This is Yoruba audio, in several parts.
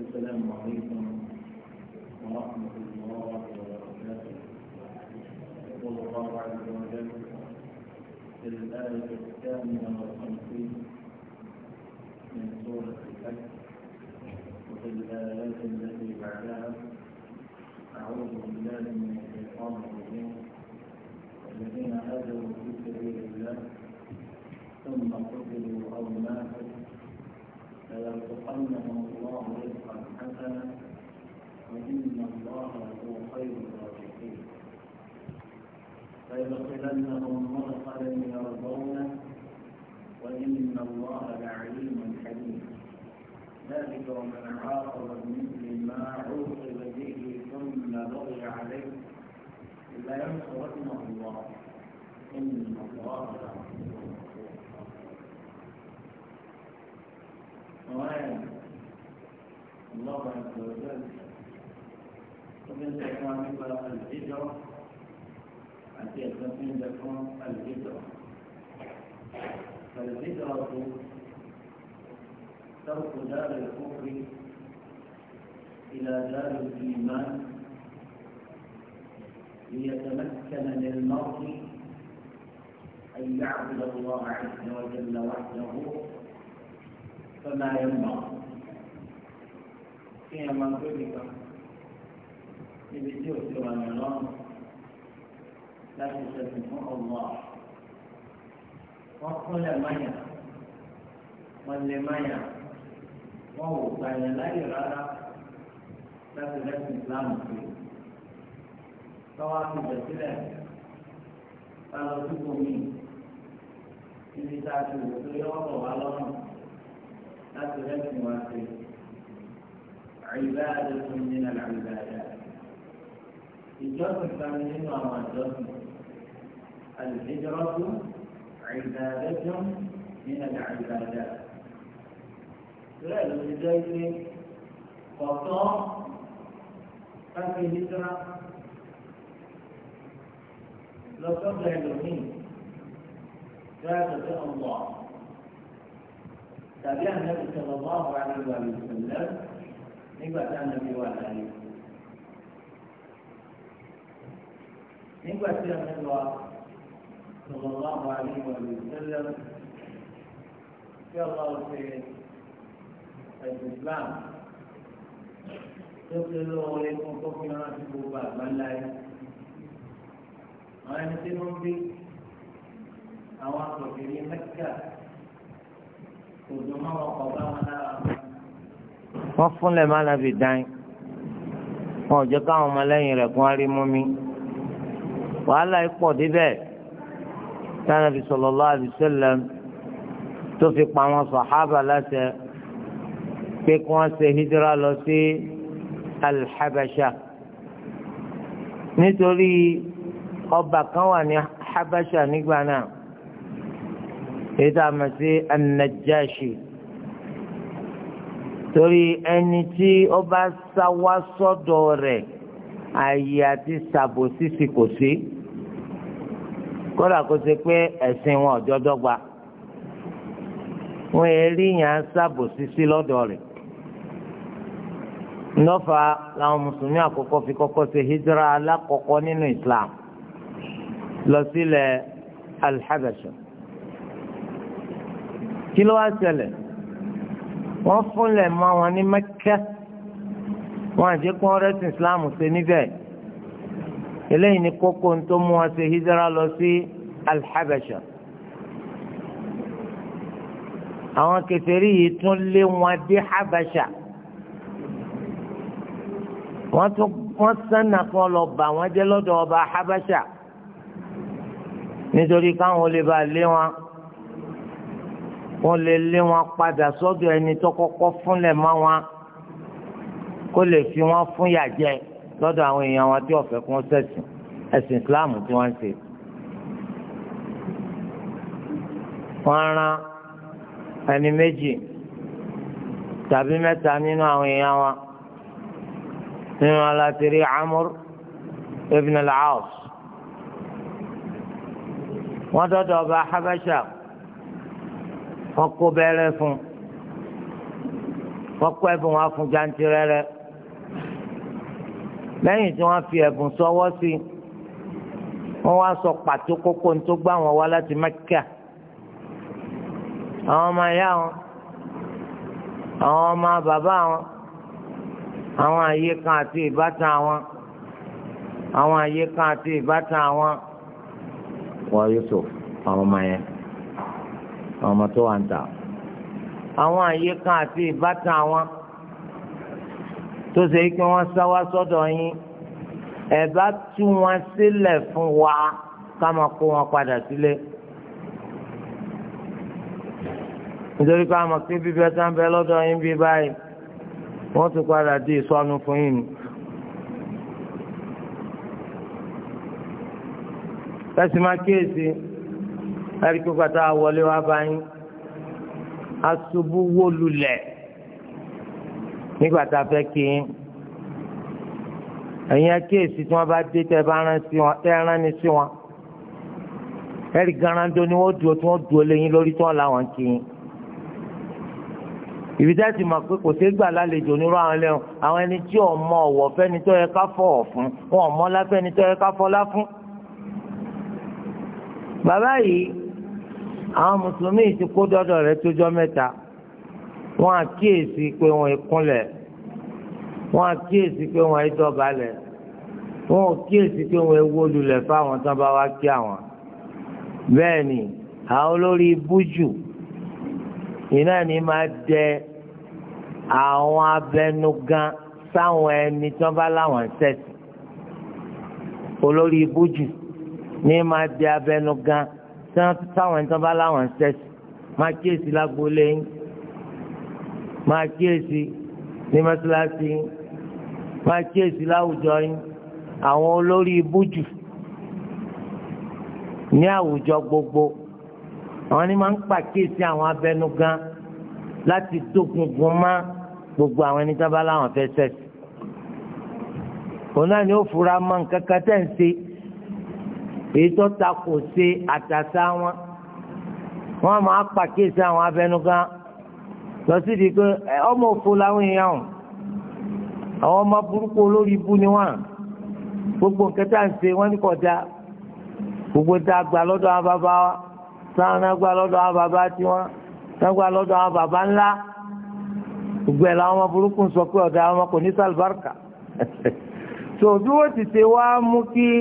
السلام عليكم ورحمة الله وبركاته يقول الله عز وجل في الآية الثامنة والخمسين من سورة الحج وفي الآيات التي بعدها أعوذ بالله من الشيطان الرجيم الذين هاجروا في سبيل الله ثم قتلوا أو ماتوا فيرزقنهم الله رزقا حسنا وإن الله هو خير الرازقين فيدخلنهم مدخلا يرضونه وإن الله لعليم حليم ذلك ومن عاقب بمثل ما عوقب به ثم بغي عليه لينصرنه الله إن الله لعليم الله عز وجل ومن ذكرنا الهجرة أن يكون ذكرنا الهجرة فالهجرة ترك دار الكفر إلى دار الإيمان ليتمكن للمرء أن يعبد الله عز وجل وحده lọ́nà ayé mọ́ kí ẹ máa gbé nìkan níbi tí òsì wà ní ọlọ́run láti ṣẹ̀sìn fún ọ̀gbọ́n wọ́n kúnlẹ̀ máyà wọ́n lè máyà wọ́n wò gbàyà láyè rárá láti rẹ́sìn ìsìláàmù sí i tọ́wọ́ á fi bẹ̀sílẹ̀ lọ sí bomi ibi tá a ti wò pé ọ̀rọ̀ wa lọ́rùn. قتل واحد عبادة من العبادات الثاني من هو الجسم الهجرة عبادة من العبادات لأن لذلك فطاع ففي هجرة لو قبل اليمين ذات الله تابع النبي صلى الله عليه وسلم nígbà tí Ànábì wà láyé nígbà tí Ànábì wà صلى الله عليه وسلم tí ọlọ́run ṣe ẹ̀sìn Islam tó ṣe lóore fún kófin rántí gbogbo àgbáńláyé àwọn ẹni tí wọ́n bí àwọn akọ̀kẹ́ ní Mẹ́kà. wọ́n fúnlẹ̀ má nàbì dáin wọn ò jẹ́ káwọn ọmọlẹ́yìn rẹ̀ kún arí mú mi wàhálà ipò débẹ̀ tánàbì sallallahu alaihi wasallam tó fi pa àwọn sàhábà láṣẹ pé kí wọ́n ṣe hijira lọ sí alḥabasha nítorí ọba kan wà ní habasha nígbà náà èyí tá a mọ̀ sí anajáṣe torí ẹni tí ó bá sá wá sọ́dọ̀ rẹ̀ ààyè àti sàbò sísì kò sí kódà kó ṣe pé ẹ̀sìn wọn ọ̀jọ́ dọ́gba wọn èrí yàn án sàbò sísì lọ́dọ̀ rẹ̀ ńlọ́fà làwọn mùsùlùmí àkọ́kọ́ fi kọ́kọ́ ṣe hijira alákọ̀ọ́kọ́ nínú Islam lọ sílẹ̀ al kí ló wá ṣẹlẹ̀ wọ́n fúnlẹ̀ mọ́ wọn ní mẹ́kẹ́ wọn àjẹ́ kó rẹ́sìn islam ṣe níbẹ̀ eléyìí ni kókó tó mú wọn ṣe hijira lọ sí alhabasha àwọn kèfèrí yìí tún lé wọn dé habasha wọ́n tún wọ́n sánà kan lọ bà wọ́n jẹ́ lọ́dọ̀ ọba habasha nítorí káwọn olè bá lé wọn wọ́n lè lé wọn padà sọ́dọ̀ ẹni tó kọ́kọ́ fúnlẹ̀ mọ́ wọn kó lè fi wọn fún yà jẹ lọ́dọ̀ àwọn èèyàn wọn tí ọ̀fẹ́ kún sẹ́sìn ẹ̀sìn Islam tí wọ́n ń ṣe. wọ́n rán ẹni méjì tàbí mẹ́ta nínú àwọn èèyàn wa nínú alátìrí Amr ibn al-Aas wọ́n dọ́dọ̀ ọba Habasha wọ́n kó bẹ́rẹ́ fún wọ́n kó ẹ̀bùn wọn fún jantirẹrẹ lẹ́yìn tí wọ́n fi ẹ̀bùn sọwọ́ sí wọ́n wá sọ pàtó kókó tó gbá wọn wá láti Mẹ́kà àwọn ọmọ ìyá wọn àwọn ọmọ bàbá wọn àwọn àyè kan àti ìbátan wọn àwọn àyè kan àti ìbátan wọn wọ́n Yusuf àwọn ọmọ yẹn àwọn ọmọ tó wà ń tà àwọn àyè kan àti ìbátan wọn tó ṣe kí wọ́n sáwá sọ́dọ̀ yín ẹ bá tú wọn sílẹ̀ fún wa ká máa kó wọn padà sílé nítorí pé àmọ̀ pé bíbẹ́ tá ń bẹ lọ́dọ̀ yín bí báyìí wọ́n ti padà di ìsọnù fún yín ni. tẹ̀sí máa kíyèsí ẹ̀rí pé pátá wọlé wá bá yín aṣubú wó lulẹ̀ nígbà tá a fẹ́ kí yín ẹ̀yin akéèsì tí wọ́n bá dé tẹ́ bá rán ni sí wọn ẹ̀rí garando ni wọ́n dúró tí wọ́n dúró léyìn lórí tí wọ́n láwọn kí yín ìbí tá a ti mọ̀ pé kò sí gbà lálejò onírú àwọn ẹlẹ́wọ̀n àwọn ẹni tí ò mọ ọ̀wọ̀ fẹ́ni tó yẹ ká fọ̀ ọ̀ fún wọn ò mọ láfẹ́ni tó yẹ ká fọlá fún. bàbá yìí àwọn mùsùlùmí ti kó dọ́dọ̀ rẹ̀ tójọ́ mẹ́ta wọ́n àkíyèsí pé wọ́n ìkúnlẹ̀ wọ́n àkíyèsí pé wọ́n ìdọ̀bálẹ̀ wọ́n àkíyèsí pé wọ́n ewu olùlẹ̀ fáwọn tán bá wá kí àwọn bẹ́ẹ̀ ni àwọn olórí bújù iná ni máa dẹ àwọn abẹnugan sáwọn ẹni tán bá láwọn sẹ́sì olórí bújù ní máa dẹ abẹnugan táwọn ẹni tó bá láwọn ṣẹ́ẹ̀sì máa kíyèsí lágbólé yín máa kíyèsí ní mọ́sálásí yín máa kíyèsí láwùjọ yín àwọn olórí ibújù ní àwùjọ gbogbo àwọn ni máa ń pàkíyèsí àwọn abẹnugan láti dógungun má gbogbo àwọn ẹni tó bá láwọn fẹ́ ṣẹ́ẹ̀sì òun náà ni ó fura mọ́ nǹkan kan tẹ̀ ń ṣe. èyí tó ta àtàtà wọn wọn máa pàkíyèsí àwọn abẹnugan lọ di pé ọmọ òfo làwọn èèyàn o ọmọ burúkú olórí ibú ni wọn gbogbo nketa ń wọn ní kọjá gbogbo tá a gbà àwọn bàbá wa táwọn náà gbà ọmọ burúkú ń sọ pé ọmọ kò ní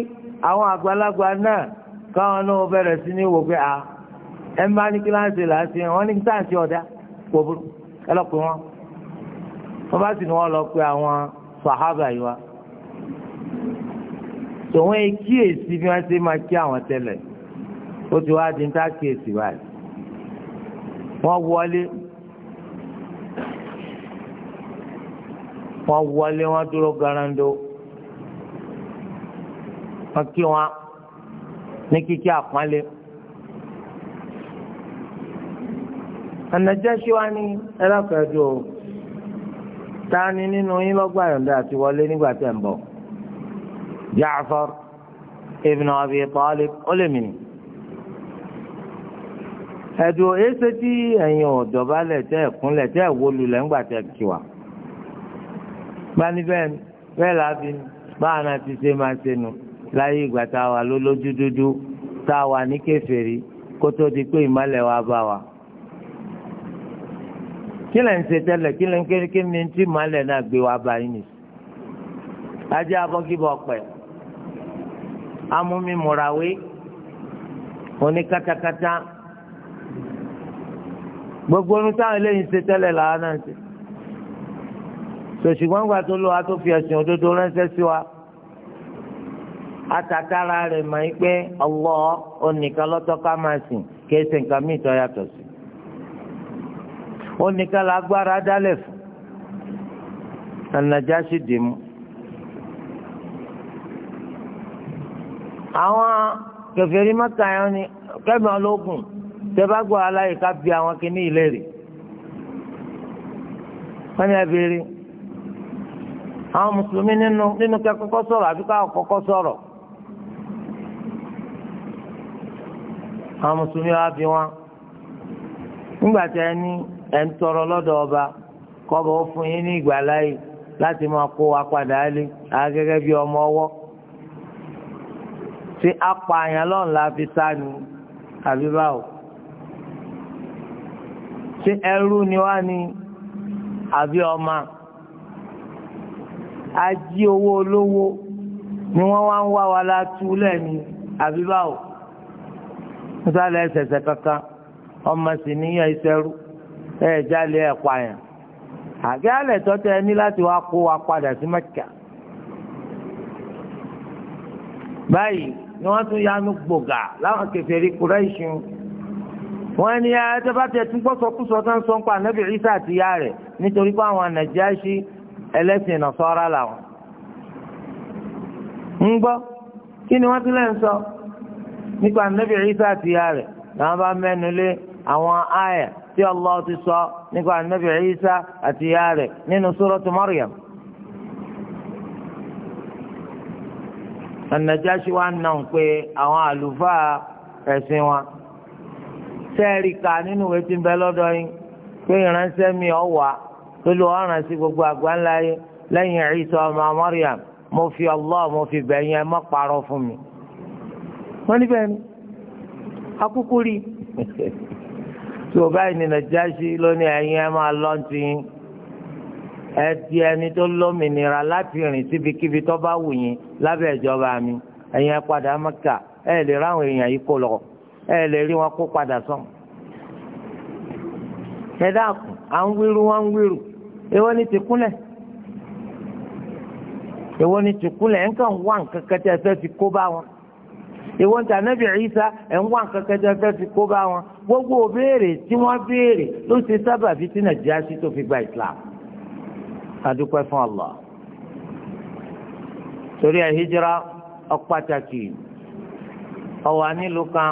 àwọn àgbàlagbà náà káwọn náà bẹ̀rẹ̀ sí ní wò pé a ẹ má ní kíláàsì làásì wọn ní kíláàsì ọ̀dà kò burú ẹ lọ pé wọn wọn bá sì ní wọn lọ pé àwọn sàhábà yìí wa tòun ẹ kíyèsí bí wọn ṣe máa kí àwọn tẹ́lẹ̀ ó ti wá di ń tá kíyèsí báyìí wọ́n wọlé wọ́n wọlé wọ́n dúró garando wọ́n kí wọn ní kíkí àpọ́nlé. ànàjẹ́sí wa ní ẹlẹ́kọ̀ọ́jọ́ o ta ni nínú yín lọ́gbà yọ̀ǹda àti wọlé nígbà tẹ̀ ń bọ̀ Ja'far ibn Abi Talib ó lè mìíní ẹ̀dùn èsè tí ẹ̀yin ọ̀dọ̀bálẹ̀ tẹ́ ẹ̀kúnlẹ̀ tẹ́ ẹ̀wọ́lulẹ̀ ńgbà tẹ́ kíwà. gbanibẹ́ bẹ́ẹ̀ láti báwọn àti ṣe máa ṣe nù. láyé ìgbà tá a wà lólójú dúdú tá a wà ní kèfèrí kó tó di pé ìmọ̀lẹ̀ wa bá wa. kí lẹ̀ ń ṣe tẹ́lẹ̀ kí lẹ̀ ń kéré kí ni tí ìmọ̀lẹ̀ náà gbé wa bá yín nì. ajé abọ́gibọ̀ pẹ̀ amúmimùràwé oníkátakáta gbogbo ohun táwọn eléyìí ń ṣe tẹ́lẹ̀ làwọn náà ń ṣe. sòṣùgbọ́n gbà tó lọ́wọ́ a tó fi ẹ̀sìn òdodo ránṣẹ́ sí wa. atatara rẹ̀ mọ̀ yín pé Allah onìkan lọ́tọ́ ká máa sìn kìí ṣe nǹkan míì tó yàtọ̀ sí onìkan lágbára dálẹ̀ fún An-Najashi dìímù. àwọn kèfèrí Mẹ́kà yẹn ni kẹmí ọlọ́gùn tẹ́bàgbọ́ aláìka bí àwọn kìíní ìlérè wọ́n ní ẹ̀bẹ̀rẹ̀ àwọn mùsùlùmí nínú nínú kẹ́kọ́kọ́ sọ̀rọ̀ àbíkọ́ àkọ́kọ́ sọ̀rọ̀. àwọn mùsùlùmí wa bí wọn nígbà tí ẹ ní ẹ ń tọrọ lọ́dọ̀ ọba kọ́bọ̀ ó fún yín ní ìgbàláyè láti máa kó wa padà lé àgẹ́gẹ́ bí ọmọ ọwọ́ tí apààyàn lọ́run la fi sá ni àbí báwo tí ẹrú ni wá ni àbí ọmọ ají owó olówó ni wọ́n wá ń wá wa látú lẹ́ni àbí báwo mọ́sálẹ̀ ẹ̀sẹ̀sẹ̀ kankan ọmọ sì níyàn ìṣẹ́rú ẹ̀ jálẹ̀ ẹ̀ pààyàn àbí alẹ̀ tọ́tẹ ẹni láti wá kó wa padà sí Mẹ́kà báyìí ni wọ́n tún yanu gbògà láwọn kèfèrí Kúráìṣì wọ́n ní ẹtẹ́fàtẹ́ tún gbọ́ sọkúsọ tó ń sọ ń pa ànábì Ìsá àti ìyá rẹ̀ nítorí pé àwọn Nàjáṣì ẹlẹ́sìn Nàsárà làwọn ń gbọ́ kí ni wọ́n tún lẹ́ ń sọ. nípa nàbì Ìsá àti ìyá rẹ̀ làwọn bá mẹ́nu lé àwọn àyà tí ti sọ nípa nàbì Ìsá àti ìyá rẹ̀ nínú Suratu Maryam. Ànàjáṣí wa nà ń pe àwọn àlùfáà ẹ̀sìn wa sẹ́ẹ̀rì kà nínú ìwé tí ń bẹ lọ́dọ̀ yín pé ìránṣẹ́ mi ọ̀ wá ọ̀ràn sí gbogbo àgbáńlá yín lẹ́yìn ọmọ mo fi mo fi bẹ̀yìn ẹ wọ́n níbẹ̀ ni akúkú rí tí o báyìí ní nàìjíríà lónìí ẹ̀yin ẹ̀ máa lọ́ ti ẹ ti ẹni tó lómìnira láti rìn síbikíbi tó bá wù yín lábẹ́ ìjọba mi ẹ̀yin ẹ padà mẹ́kà ẹ lè ráwọn èèyàn yìí kó lọ ẹ lè rí wọn kó padà sàn. ẹ dákun à ń wíru wọn ń wíru èwo ni ti kúnlẹ̀ èwo ni ti kúnlẹ̀ ẹ̀ ń nǹkan kẹtẹ́ ẹ fẹ́ fi kó bá wọn ìwọ́n tí anabi Isa ẹ̀ ń wá nǹkan kẹjọ fẹ́ fi kó bá wọn gbogbo òbéèrè tí wọ́n béèrè ló ṣe sábàbí tí Nàìjíríà tó fi gba Islam adúpẹ́ fún Allah torí ẹ̀ hijira ọ̀pàtàkì ọ̀wà nílùú kan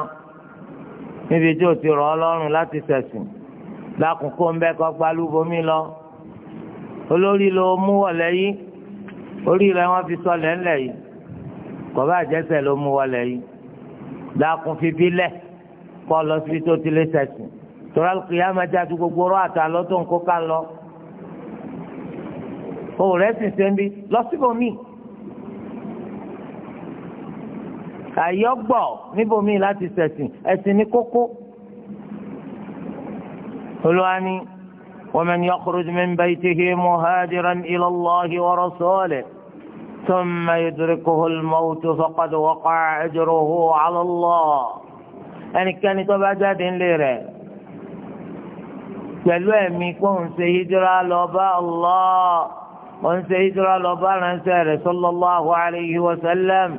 níbi tí o ti rọ̀ ọ́ láti ṣẹ̀sìn lákòókò ń bẹ́ kọ́ gbalúbomi lọ olórí ló mú wọlé yìí orí rẹ̀ wọ́n fi sọ lẹ́ńlẹ̀ yìí kọ́ bá jẹ́sẹ̀ ló mú wọlé yìí dákun fífi lẹ̀ kọ́ lọ síbi tó ti lé sẹ̀sìn tọ́lá kìlá máa jáde gbogbo rọ́ àtàlọ́ tó ń kó ká lọ òun rẹ̀ sì ṣe ń bí lọ síbòmíì láti ṣẹ̀sìn ẹ̀sìn ní kókó olúwa ni wa man yakhruj min baytihi muhajiran ila Allahi wa rasulihi. ثم يدركه الموت فقد وقع أجره على الله ẹnì kan tó bá jáde nílé rẹ̀ pẹ̀lú ẹ̀mí kó ń ṣe hijira lọ bá Allah ó ń ṣe hijira lọ bá ránṣẹ́ rẹ̀ sallallahu alayhi wa sallam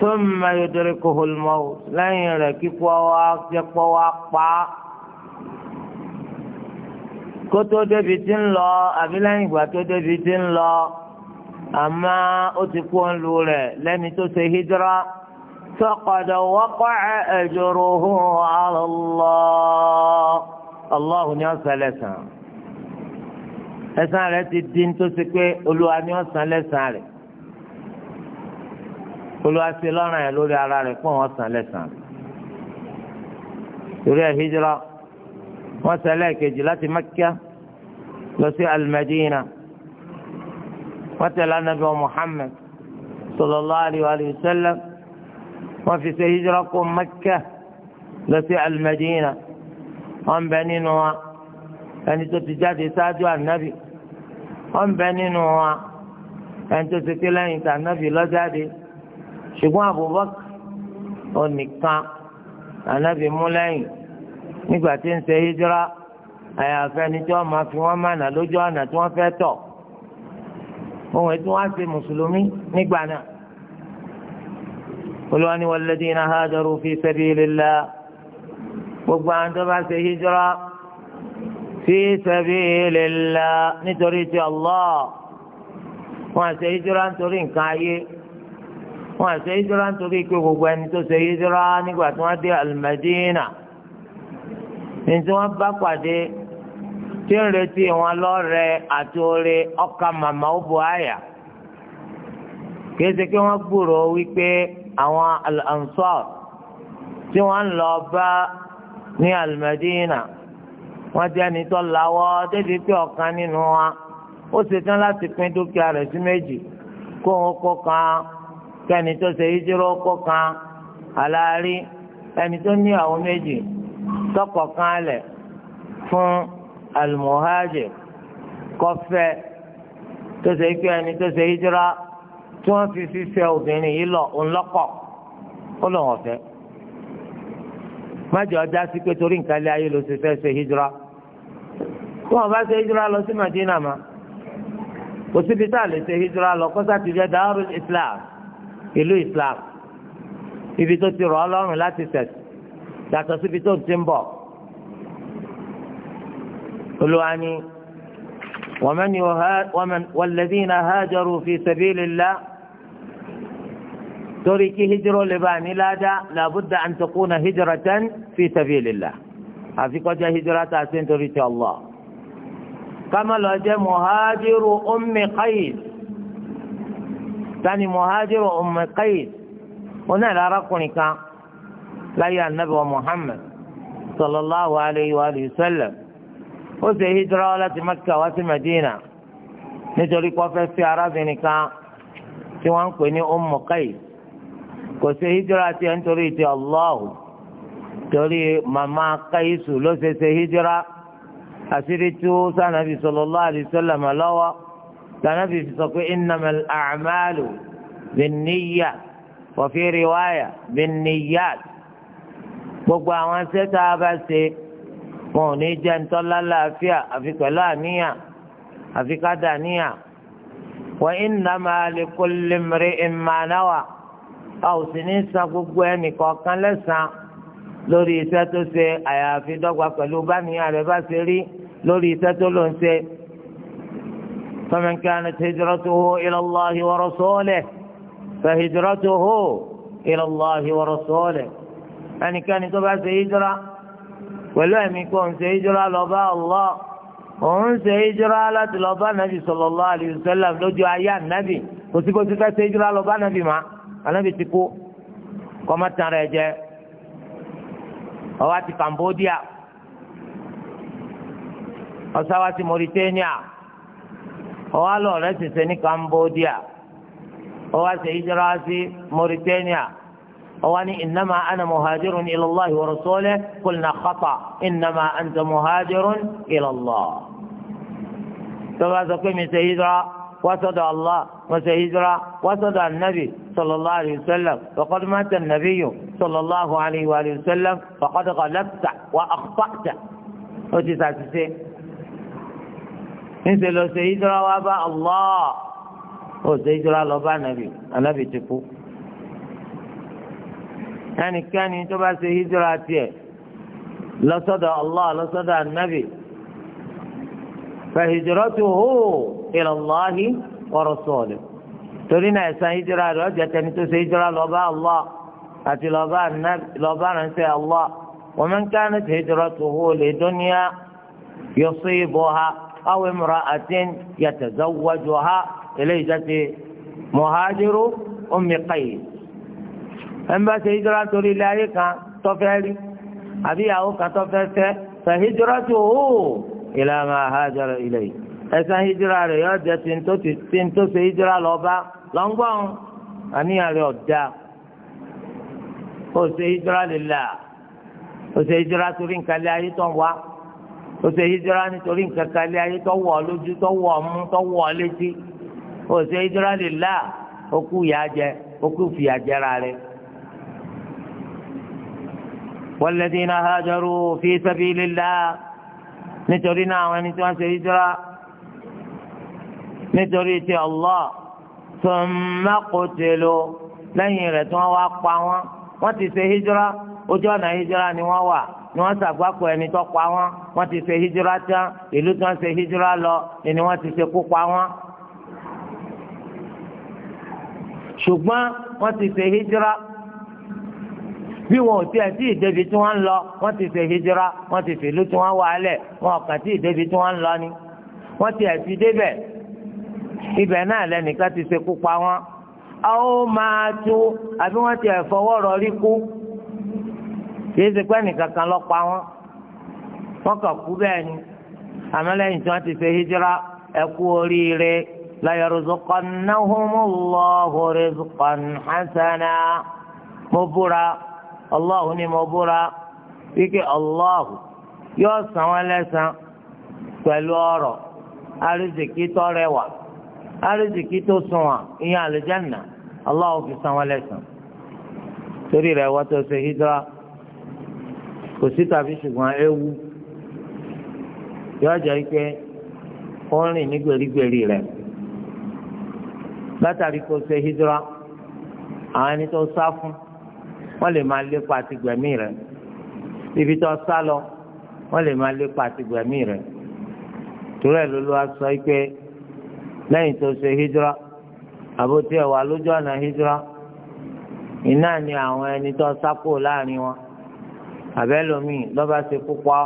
thumma yudrikuhu al-mawt lẹ́yìn rẹ̀ kíkọ wa jẹpọ wa pa kótó débi tí ń lọ àbí lẹ́yìn ìgbà tó débi tí ń lọ àmọ́ ó ti kú ń lu rẹ̀ lẹ́ni tó ṣe hijira sọ́kọ̀dọ̀ wọ́pọ̀ ẹ̀jọ̀rọ̀ ohun àlọ́ ọlọ́hu ni ọ̀sán lẹ́sàn ẹ̀sán rẹ̀ ti di ní tó ṣe pé olúwa ni ọ̀sán lẹ́sàn rẹ̀ olúwa ṣe lọ́rùn ẹ̀ lórí ara rẹ̀ fún ọ̀sán lẹ́sàn torí ẹ̀ hijira wọ́n ṣẹlẹ̀ kejì láti Mẹ́kà lọ sí al wọ́n tẹ̀lé anabi muhammed sallallahu alayhi wa sallam wọ́n fi ṣe hijira kó mẹ́kẹ́ lọ sí alimadina wọ́n bẹ nínú wa ẹni tó ti jáde ṣáájú anabi wọ́n bẹ nínú wa ẹni tó ti pé lẹ́yìn tí anabi lọ jáde ṣùgbọ́n abubakar onìkan anabi mú lẹ́yìn nígbà tí ń ṣe hijira àyàfẹ́ ni tí wọ́n máa fi wọ́n mánà lójú ọ̀nà tí wọ́n fẹ́ tọ̀ ohun ẹ̀dùn wá ṣe mùsùlùmí nígbà náà. olùwàní walladhina hajaru fi sabilillah gbogbo àwọn tó bá ṣe hijra fi sabilillah nítorí ti Allah wọn àṣẹ hijra nítorí nǹkan ayé wọn àṣẹ hijra nítorí pé gbogbo ẹni tó ṣe hijra nígbà tí wọn dé al ní tí wọn bá pàdé. tí ń retí wọn lọ́rẹ̀ àti oore ọkà màmá ó bu àyà kí wọ́n gbúròó wípé àwọn al tí wọ́n ń lọ bá ní al wọ́n jẹ́ ẹni tó débi pé ọ̀kan nínú wa ó ṣetán láti pín dúkìá rẹ̀ sí méjì kó wọn kó kan kẹ́ni tó ṣe ìdúró kó kan aláàárí kan lẹ̀ fún. almuhajir kọfẹ́ tó ṣe kí ẹni tó ṣe hijira tí wọ́n fi fífẹ́ obìnrin yìí lọ ńlọ́kọ̀ ó lọ́wọ́ fẹ́ májọ ọjà sí pé torí nǹkan lé ayé ló ṣe fẹ́ ṣe hijira tí wọ́n bá ṣe hijira lọ sí Madina ma kò síbi tá a lè ṣe hijira lọ kó sá ti jẹ́ Darul Islam ìlú Islam ibi tó ti rọ̀ ọ́ lọ́rùn láti tẹ̀sí yàtọ̀ síbi tó ti ń bọ̀. يعني ومن ومن والذين هاجروا في سبيل الله تركي هجروا لباني لا لابد أن تكون هجرة في سبيل الله حفيق وجه هجرة أسين تركي الله كما لو جاء مهاجر أم قيد ثاني مهاجر أم قيد هنا لا رقنك لا يا النبي محمد صلى الله عليه وآله وسلم ó ṣe hijira láti Mẹ́kà wá sí Mẹ́dínà nítorí kó fẹ́ fi arábìnrin kan tí wọ́n ń pè ní Ummu Qais kò ṣe hijira tiẹ̀ nítorí ti Allah torí màmá Qaisu ló ṣe ṣe hijira àṣírí tú sànàbì sallallahu alaihi wasallam lọ́wọ́ sànàbì fi sọ pé innamal a'malu binniyya wa fi riwaya binniyat gbogbo àwọn sẹ́ta bá ṣe wọn ò ní jẹ́ ntọ́lá láàfíà àfi pẹ̀lú àníyàn àfi kádà níyàn wa innama likulli mri'in ma nawa a ò sì ní san gbogbo ẹnì kọ̀ọ̀kan lẹ́sàn-án lórí iṣẹ́ tó ṣe àyàfi dọ́gba pẹ̀lú báníyàn rẹ̀ bá ṣe rí lórí iṣẹ́ tó ló ń ṣe. فمن كانت هجرته إلى الله ورسوله فهجرته إلى الله ورسوله يعني كان تبع هجرة pẹ̀lú ẹ̀mí kó ń ṣe hijira lọ bá Allah òun ṣe hijira láti lọ bá nàbì sallallahu alaihi wasallam lójú ayé ànábì kò sí kó ti fẹ́ ṣe hijira lọ bá nàbì má ànábì ti kú kọ́má tán rẹ̀ jẹ́ ọwá ti Cambodia ọ̀sáwá ti Mauritania ọwá lọ rẹ̀ ṣẹṣẹ ní Cambodia ọwá ṣe hijira sí Mauritania. وأني إنما أنا مهاجر إلى الله ورسوله قلنا خطأ إنما أنت مهاجر إلى الله فبعثكم من سهجرة وسد الله وسيدنا وسد النبي صلى الله عليه وسلم وقد مات النبي صلى الله عليه وآله وسلم فقد غلبت وأخطأت وتسعتسين إنسى لو سهجرة وأبا الله وسيدنا لو النبي النبي تفوق ẹnikẹ́ni tó bá ṣe hijira tiẹ̀ lọ́sọ̀dọ̀ allah lọ́sọ̀dọ̀ anabi fa hijratuhu ila allahi wa rasulihi torí náà ẹ̀san hijira rẹ̀ ọjà tẹni tó ṣe hijira lọ bá allah àti lọ bá anabi lọ bá ránṣẹ́ allah wa man kanat hijratuhu li dunya yusibuha aw imra'atin yatazawwajuha eléyìí jáde muhajiru ummi qays ẹn bá ṣe hijira torí ilé ayé kan tọ́fẹ́ rí àbí ìyàwó kan tọ́fẹ́ fẹ́ fẹ́ hijira tó o ila ma hajara ilayhi ẹ̀sán hijira rẹ̀ yọ jẹ́ tí n tó ṣe hijira lọ bá lọ́ngbọ́n àníyàn rẹ̀ ọ̀dà ó ṣe hijira lillah ó ṣe hijira torí nǹkan lé ayé tó ń wá ó ṣe hijira nítorí nǹkan kan ayé tó wọ̀ lójú tó wọ̀ mú tó wọ̀ létí ó ṣe hijira lillah ó kú ìyà jẹ ó kú fìyà jẹra rẹ̀. والذين هاجروا في سبيل الله نتورينا ونتوان سيجرا نتوريتي الله ثم قتلوا لن يرتوا وقعوا وانت سيجرا وجوانا هجرا نواوا ni wọn ṣàgbákò ẹni tó pa wọn wọn ti ṣe hijira tán ìlú tí wọn ṣe hijira lọ ni wọn ti ṣe kó pa wọn. ṣùgbọ́n wọn ti ṣe hijira bí wọn ò tí ẹ tí ìdẹ́bi tí lọ wọn ti ṣe hijira wọn ti ṣèlú tí wọ́n wà lẹ̀ wọn ò kàn tí ìdẹ́bi lọ ni wọn ti ti débẹ̀ ibẹ̀ náà lẹ́nìkan ti pa a ó máa àbí ti ẹ̀ fọwọ́ rọrí kú kìí ṣe pé nìkan kan lọ pa wọ́n wọ́n kàn kú bẹ́ẹ̀ ni àmọ́ lẹ́yìn tí wọ́n ti ṣe hijira ẹ kú oríire la mo Allahu ni mo búra wípé Allahu yóò san wọn lẹ́san pẹ̀lú ọrọ̀ arísìkí tó rẹwà arísìkí tó sunwọ̀n ìyẹn àlùjánnà Allahu fi san wọn lẹ́san torí rẹ̀ wọ́n tó ṣe hídọ́rà ewu yóò jẹ́ pé ó ń rìn ní gbèrígbèrí rẹ̀ látàrí kó ṣe hídọ́rà àwọn wọ́n lè máa pa àti gbẹ̀mí rẹ̀ ibi tó sá lọ wọ́n lè máa pa àti gbẹ̀mí rẹ̀ torí ẹ̀ lólu aṣọ pé lẹ́yìn tó ṣe hijra àbótí ẹ̀wà lójú ọ̀nà hijra iná ni àwọn ẹni tó sápò láàrin wọn àbẹ́lòmíì lọ́ba ṣe púpọ̀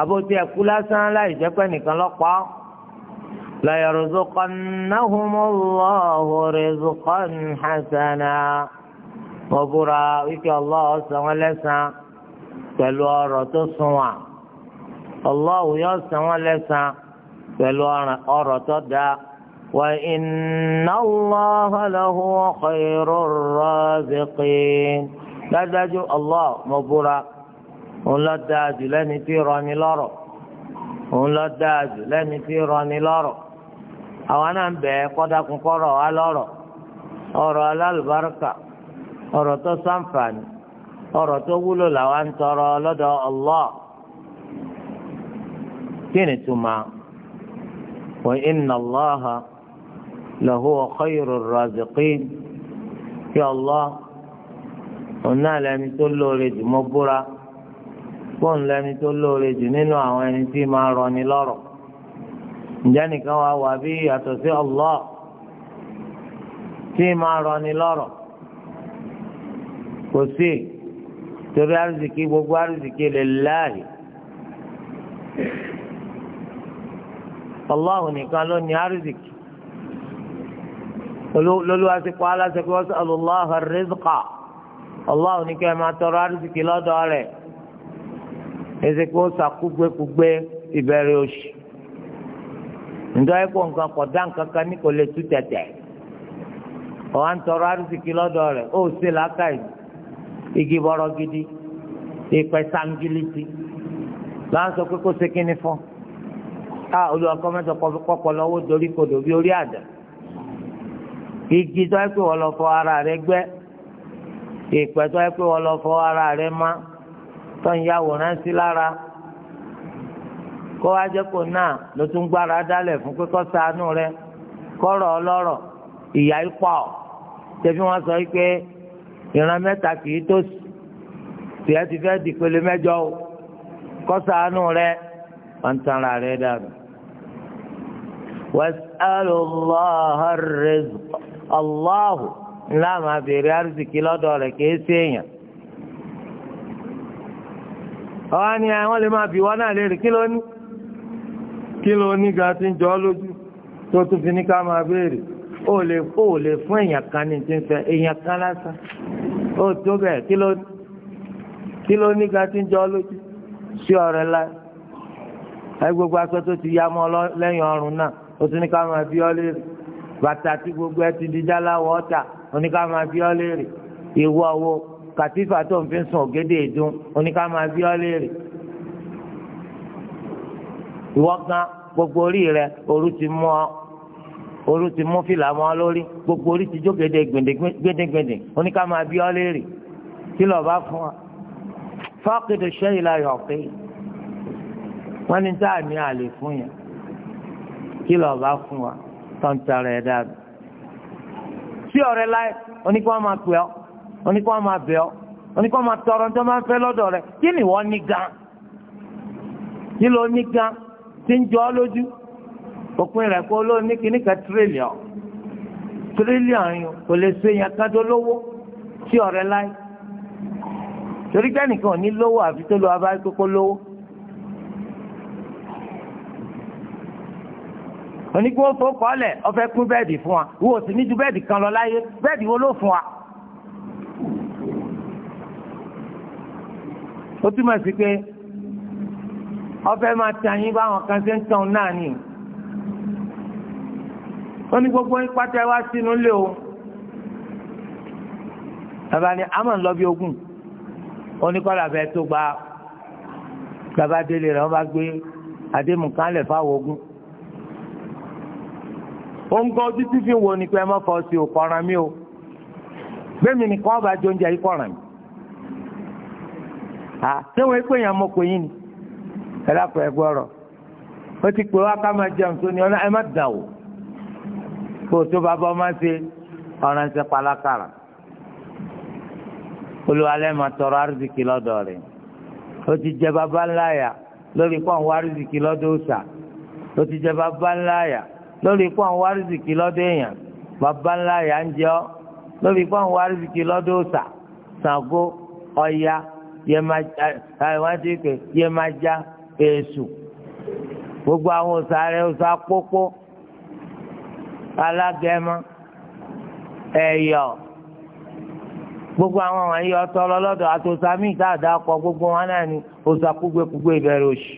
àbótí ẹ̀ kú lásán láì jẹ́ pẹ́ nìkan lọ́pọ̀. ليرزقنهم الله رزقا حسنا وبرا ويك الله سوالسا pẹ̀lú ọ̀rọ̀ tó sunwọ̀n Allahu yóò san wọ́n lẹ́san pẹ̀lú ọ̀rọ̀ tó dáa wa inna Allaha lahu khairur raziqin dájúdájú Allah mo búra òun ló dáa jù lẹ́ni tí rọ̀ ni lọ́rọ̀ òun ló dáa jù lẹ́ni tí rọ̀ ni lọ́rọ̀ àwọn náà ń bẹ̀ kọ́dákun kọ́rọ̀ wá lọ́rọ̀ ọ̀rọ̀ alálùbáríkà ọ̀rọ̀ tó ṣàǹfààní ọ̀rọ̀ tó wúlò làwa ń tọrọ lọ́dọ̀ Allah kí ni túmọ̀ wa inna Allaha lahuwa khayrul raziqin kí Allah òun náà lẹni tó lóore jù mọ́ búra fóun lẹni tó lóore jù nínú àwọn ẹni tí máa rọni lọ́rọ̀ ǹjẹ́ nìkan wá wà bí yàtọ̀ sí Allah tí máa rọni lọ́rọ̀ kò sí torí àrísìkí gbogbo àrísìkí lillahi Allah nìkan ló ní àrísìkí lọ́lọ́wọ́ ti pa aláṣẹ pé wọ́n sọ̀rọ̀ lọ́hà rẹ́zùkà Allah nìkan máa tọrọ àrísìkí lọ́dọ̀ rẹ̀ èsì pé ó ìbẹ̀rẹ̀ oṣù. njọ ẹkọ nǹkan kọdá nǹkan kan ní kò lè tú tẹ̀tẹ̀ ń tọrọ lọ́dọ̀ rẹ̀ ó igi bọrọ gidi ìpẹ sangiliti pé kó a olùwà dorí kodò bí orí àdá igi lọ fọ ara rẹ̀ gbẹ ìpẹ tó ẹkọ wọn lọ fọ ara rẹ̀ kó wá jẹ́ kó náà ló tún gbára dálẹ̀ fún pé kó rẹ kọ́rọ̀ ọlọ́rọ̀ ìyá ipa ọ̀ tẹ̀fí wọn sọ pé ìran mẹ́ta kì í tó tìyẹ́ ti fẹ́ pele mẹ́jọ o kó rẹ wọ́n tanra rẹ dànù. wàsálù lọ́hà rẹ̀zù ńlá máa béèrè lọ́dọ̀ rẹ̀ kì í àwọn lè máa bì wọ́n náà lè kí ló níga tí ń jọ lójú tó tún fi ní ká máa béèrè ó lè lè fún èèyàn kan ní ti ń fẹ èèyàn kan tó kí ló níga ń jọ sí ọ̀rẹ́ la gbogbo aṣọ tó ti yá mọ́ lẹ́yìn ọrùn náà ó tún ní ká máa bí tí gbogbo ẹ ti di jáláwọ̀ ọ̀tà ó ní ká máa bí léèrè kàtífà tó ń fi sùn ògédè ìwọ gan gbogbo orí rẹ òru ti mú ọ òru ti mú fìlà mọ́ lórí gbogbo orí ti jókèdè gbèdégbèdé oníkà máa bí ọ léèrè kí lọ́ọ́ bá fún wa fọ́ọ̀kìdì sẹ́yìn la yọ̀ pé wọ́n ní tá a ní àlè fún yẹn kí lọ́ọ́ bá fún wa tọ́ntara ẹ̀ dáadáa sí ọ̀rẹ́ láì oníkà máa pè ọ́ oníkà máa bẹ̀ ọ́ oníkà máa tọrọ ní tí máa fẹ́ lọ́dọ̀ rẹ̀ kí ni wọ́n ní gan kí ló ní gan tí ń jọ ọ́ lójú òpin rẹ̀ kó ló ní kíní kan tírílíọ̀n tírílíọ̀n yìí kò lè so èèyàn kan tó lówó tí ọ̀rẹ́ láì torí gbẹ́nìkan ò ní lówó àfi tó lo abáyé kókó lówó. oníkó fòkọ́lẹ̀ ọ̀fẹ́ kún bẹ́ẹ̀dì fún wa wò ó sì ní ju bẹ́ẹ̀dì kan lọ láyé bẹ́ẹ̀dì wo ló fún wa. ó túmọ̀ sí pé ọfẹ máa tẹ àyín báwọn kan ṣe ń tàn náà ni ó ní gbogbo yín pátá wá sínú ilé o bàbá ni a máa ń lọ bí ogún ó ní kọ́lá fẹ́ tó gba bàbá délé rẹ̀ wọ́n bá gbé àdémùkánlẹ̀ fáwọn ogún oúnjẹ ojú tí fi wo ni pé ẹ má fọ sí o kọ́ran mi o gbẹ̀mí nìkan ọba jọ oúnjẹ yìí kọ́ran mi. àtẹ̀wé pé èèyàn mọ̀ pé yín ni. ẹ lápò ẹ gbọ́rọ̀ ó ti pè wá ká máa jẹun tó ní ọlá ẹ má dà o kó o tó bàbá ọmọ ṣe ọ̀ràn ṣe pàlákàrà máa tọrọ àrísìkì lọ́dọ̀ rẹ̀ ó ti jẹ bàbá ńlá yà lórí pọ̀ ń wá lọ́dọ̀ òòṣà ó ti jẹ bàbá ńlá yà lórí pọ̀ ń lọ́dọ̀ èèyàn bàbá ńlá yà ń jẹ ọ́ lórí lọ́dọ̀ òòṣà èṣù gbogbo àwọn òsàrẹ òsà pópó alágẹmọ ẹyọ gbogbo àwọn wọ̀nyí ọtọ lọlọdọ àtòsàmì ìtàdá kọ gbogbo wọn náà ni òsà kúgbẹkúgbẹ ìbẹ̀rẹ̀ oṣù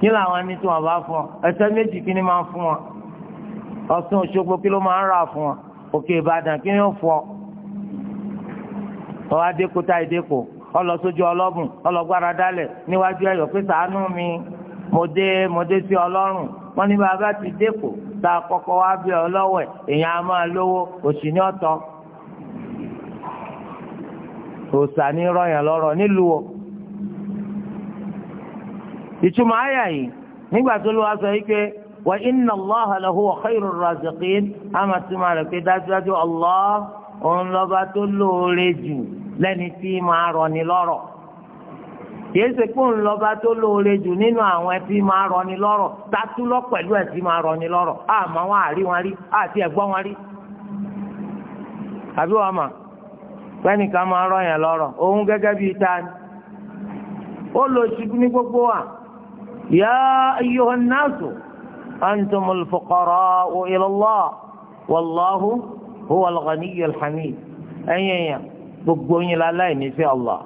kí làwọn ní tí wọn bá fún ọ ẹsẹ méjì kí ni máa fún ọ Ọ̀ṣun Òṣogbo kí ló máa ń rà fún ọ Òkè Ìbàdàn kí ni ó fún ọ ọ adékòtà ìdékò ọlọ sójú ọlọ́bùn ọlọ́gbára dálẹ̀ níwájú ẹ̀yọ̀ pé sàánú mi mo dé mo dé sí ọlọ́run wọn ní bàbá ti dépò tá a kọ́kọ́ wá bí ọlọ́wẹ̀ èèyàn á máa lówó òsì ní ọ̀tọ̀ òsà ní rọyàn lọ́rọ̀ nílùú o. ìtumọ̀ àyà yìí nígbà tó ló wá sọ yìí pé wa inna Allaha lahuwa khairur raziqin àmọ́ tí mo rẹ̀ pé dájúdájú Allah òun lọ́ba tó lóore jù lẹ́ni tí máa rọni lọ́rọ̀ kìí ṣe pé òun lọ́ba tó lóore jù nínú àwọn ẹtí máa rọni lọ́rọ̀ tatúlọ́ pẹ̀lú ẹtí máa rọni lọ́rọ̀ àmọ́ wọn àrí wọn rí àti ẹ̀gbọ́n wọn rí àbí wọn mà pẹ́nìkan máa rọ yẹn lọ́rọ̀ òun gẹ́gẹ́ bíi ta ni ó lọ ṣubú ní gbogbo wa yá ayyuhan nasu antumul fuqara'u ila Allah wallahu huwal ghaniyyul hamid ẹ̀yìn ẹ̀yìn gbogbo yín la aláìní sí Allah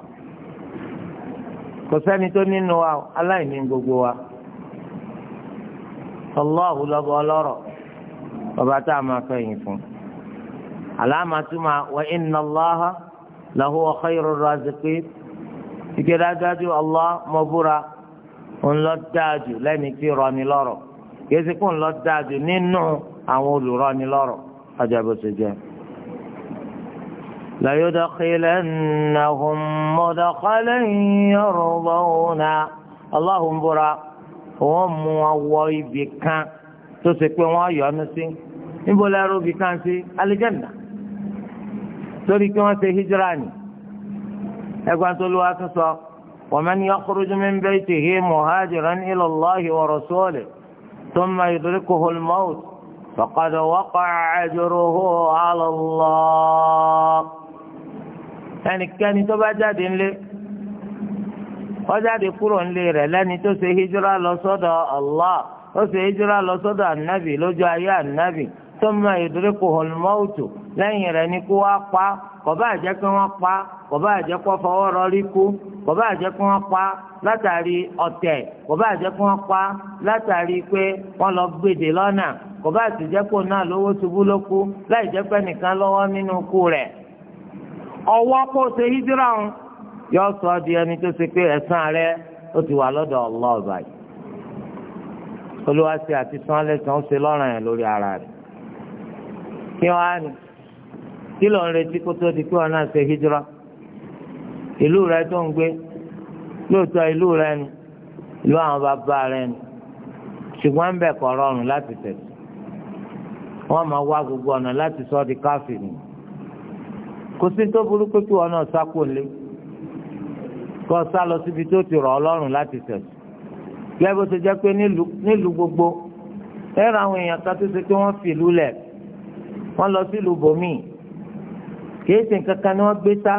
kò sẹ́ni tó nínú wa aláìní gbogbo wa Allahu lọ́ba ọlọ́rọ̀ bàbá tá a máa fẹ̀yìn fún aláàmàtúmà wa inna Allaha lahuwa khayrur raziqin ìgbéradájú Allah mọ́búra ńlọ́dáàjù lẹ́ni tí rọni lọ́rọ̀ yẹ́sìkú ńlọ́dáàjù nínú àwọn olùrọ̀ni lọ́rọ̀ ọjà bó ṣe jẹ́. ليدخلنهم مدخلا يرضون اللهم برا wọ́n mú wọn wọ ibì kan tó ṣe pé wọ́n yọ́nú sí níbo lẹ́rú ibì kan sí alìjẹ́nà torí pé wọ́n ṣe hijira ni ẹgbẹ́ tó lọ́wọ́ tó sọ ومن يخرج من بيته مهاجرا إلى الله ورسوله ثم يدركه الموت فقد وقع أجره على الله ẹnikẹ́ni tó bá jáde ńlé ọjáde kúrò ńlé rẹ̀ lẹ́ni tó ṣe hijira lọ sọ́dọ̀ Allah ó ṣe hijira lọ sọ́dọ̀ ànábì lójú ayé ànábì tó mọ ìdúrókò hòlmọ́ọ̀tò lẹ́yìn rẹ̀ ni kó wá pa kò bá kí wọ́n pa kò bá kó fọwọ́ rọrí kú kò bá kí wọ́n pa látàrí ọ̀tẹ̀ kò bá kí wọ́n pa látàrí pé wọ́n lọ gbèdè lọ́nà kò bá sì náà lówó ṣubú ló kú láì jẹ́ pé nìkan lọ́wọ́ nínú ikú rẹ̀ ọwọ́ kó o ṣe hijira ń yọ sọ di ẹni tó ṣe pé san rẹ ó ti wà lọ́dọ̀ Allah báyìí olúwa ṣe àti sàn lẹ́sàn-án ṣe lọ́ràn yẹn lórí ara rẹ̀ kí wọ́n á ní kí ló retí kó tó di pé wọn náà ṣe hijira ìlú rẹ tó ń gbé lóòótọ́ ìlú rẹ ni ìlú àwọn bàbá rẹ ni ṣùgbọ́n ń bẹ̀ kọ́ rọrùn láti tẹ̀sí wọ́n máa wá gbogbo ọ̀nà láti sọ di káfíìn kò sí tó burú pé kí wọn náà sáko lé kó sá lọ síbi tó ti rọ̀ ọlọ́run láti tẹ̀sí gẹ́gẹ́ bó ṣe jẹ́ pé nílùú gbogbo ẹ̀rọ àwọn èèyàn kan tó ṣe pé wọ́n fi ìlú lẹ̀ wọ́n lọ sí ìlú bòmíì kìí ṣe nǹkan kan ni wọ́n gbé sá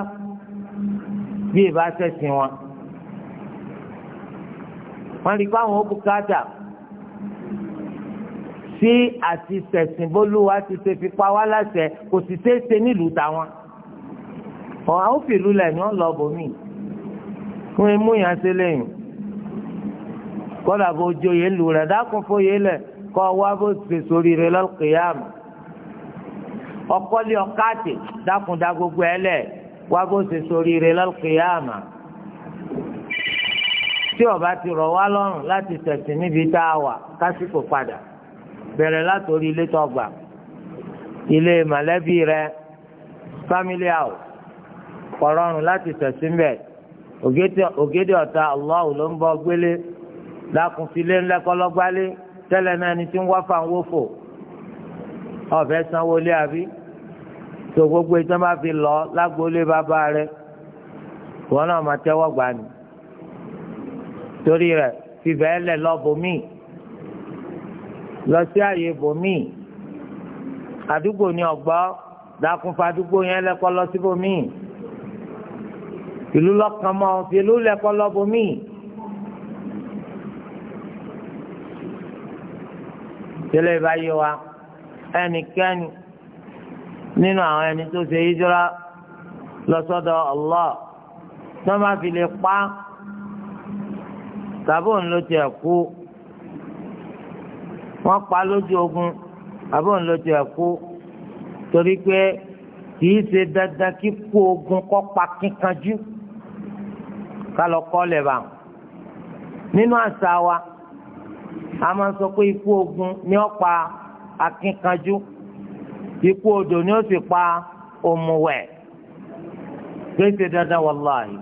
bí ìbá ṣẹ̀sìn wọn. wọ́n rí pé àwọn òbúkátà sí àti ṣẹ̀sìn bólúwa ti ṣe fipá wá láṣẹ kò sì ṣeé ṣe nílùú tàwọn ọ̀ àwọn fìlú lẹ̀ ni wọ́n lọ bòmí fún imú yẹn ṣe lẹ́yìn kọ́dà bó joyè lù rẹ̀ dákun fóyè lẹ̀ kọ́ wá bó ṣe sórí rẹ̀ lọ́kìyàmù ọkọ́lé ọ̀káàtì dákun dá gbogbo ẹ lẹ̀ wá bó ṣe sórí rẹ̀ lọ́kìyàmù tí ọba ti rọ̀ wá lọ́rùn láti tẹ̀sí níbi tá a wà kásìkò padà bẹ̀rẹ̀ látòrí ilé tọgbà ilé mọ̀lẹ́bí rẹ̀ family house kọ̀rọ̀rùn láti tẹ̀sí mbẹ̀ ògèdè ọ̀tá Allah ló ń bọ́ gbélé lákùnfilé ńlẹ́kọ́lọ́gbálé tẹ́lẹ̀ náà ni tí ń wá fà ń wó fò ọ̀fẹ́ sanwó lé àbí tó gbogbo ìtàn bá fi lọ lágbólé bàbá rẹ wọn náà máa tẹ́wọ́ gbà ní torí rẹ̀ fìfẹ́ lẹ̀ lọ bòmíì lọ sí àyè bòmíì àdúgbò ni ọ̀gbọ́ dákun fàdúgbò yẹn lẹ́kọ́ lọ sí bòmíì ìlú lọ́kàn mọ́ ìlú lẹ́kọ́ lọ́bùnmíì. tẹ́lẹ̀ bá yé wa ẹnikẹ́ni nínú àwọn ẹni tó ṣe hijira lọ sọ́dọ̀ Allah tó má fi lè pa tàbí òun ló tiẹ̀ kú wọ́n pa lójú ogun tàbí ló tiẹ̀ kú torí pé kì í ṣe dandan kíkú ogun kọ́ pa kíkanjú. ká lọ bá nínú wa a máa sọ pé ogun ni ó pa akínkanjú ikú odò ni ó sì pa òmùwẹ̀ gbèsè dandan wàláhì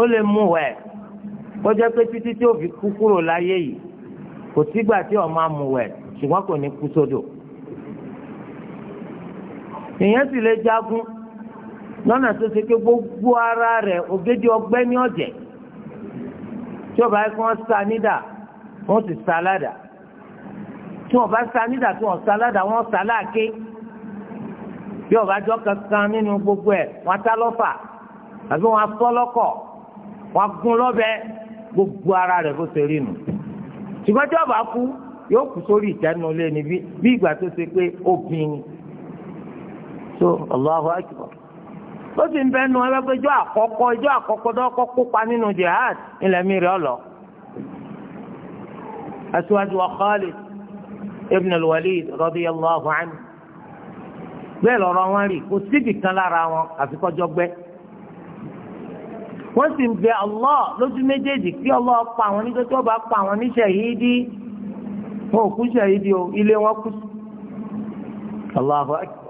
ó lè mú wẹ̀ kọjá pé títí tí ó fi kú kúrò láyé yìí kò sígbà tí ó máa mú wẹ̀ ṣùgbọ́n kò ní kú sódò sì jagun. lọ́nà tó ṣe pé gbogbo ara rẹ̀ ògidì ọgbẹ́ ní ọ̀jẹ̀ tí ọba yẹ kí wọ́n sa nídà wọ́n sì sa ládà tí wọ́n bá sa nídà tí wọ́n sa ládà wọ́n sa láàké bí ọba jọ kankan nínú gbogbo ẹ̀ wọ́n ta lọ́fà àbí wọ́n afọ́ lọ́kọ̀ wọ́n gún lọ́bẹ gbogbo ara rẹ̀ bó ṣe rí nu ṣùgbọ́n tí ọba kú yóò kú sórí ìtẹnulẹ bí ìgbà tó ṣe pé ó bí ni so Allahu akbar ó sì ń bẹ́ nu ẹgbẹ́ ijó àkọ́kọ́ ijó àkọ́kọ́ tó kọ́ kópa nínú jihad ilẹ̀ mi rẹ̀ ọ̀lọ́. aṣíwájú wa Khalid ibn al-Walid radiyallahu anhu bẹ́ẹ̀ lọ́rọ̀ wọn rí kò síbi kan lára wọn àfikọ́jọ́ gbẹ́. wọ́n sì ń bẹ Allah lójú méjèèjì kí Allah pa àwọn níjọ́ tí bá pa àwọn ní ṣàhídì wọn ò kú ṣàhídì o ilé wọn kú. Allahu akbar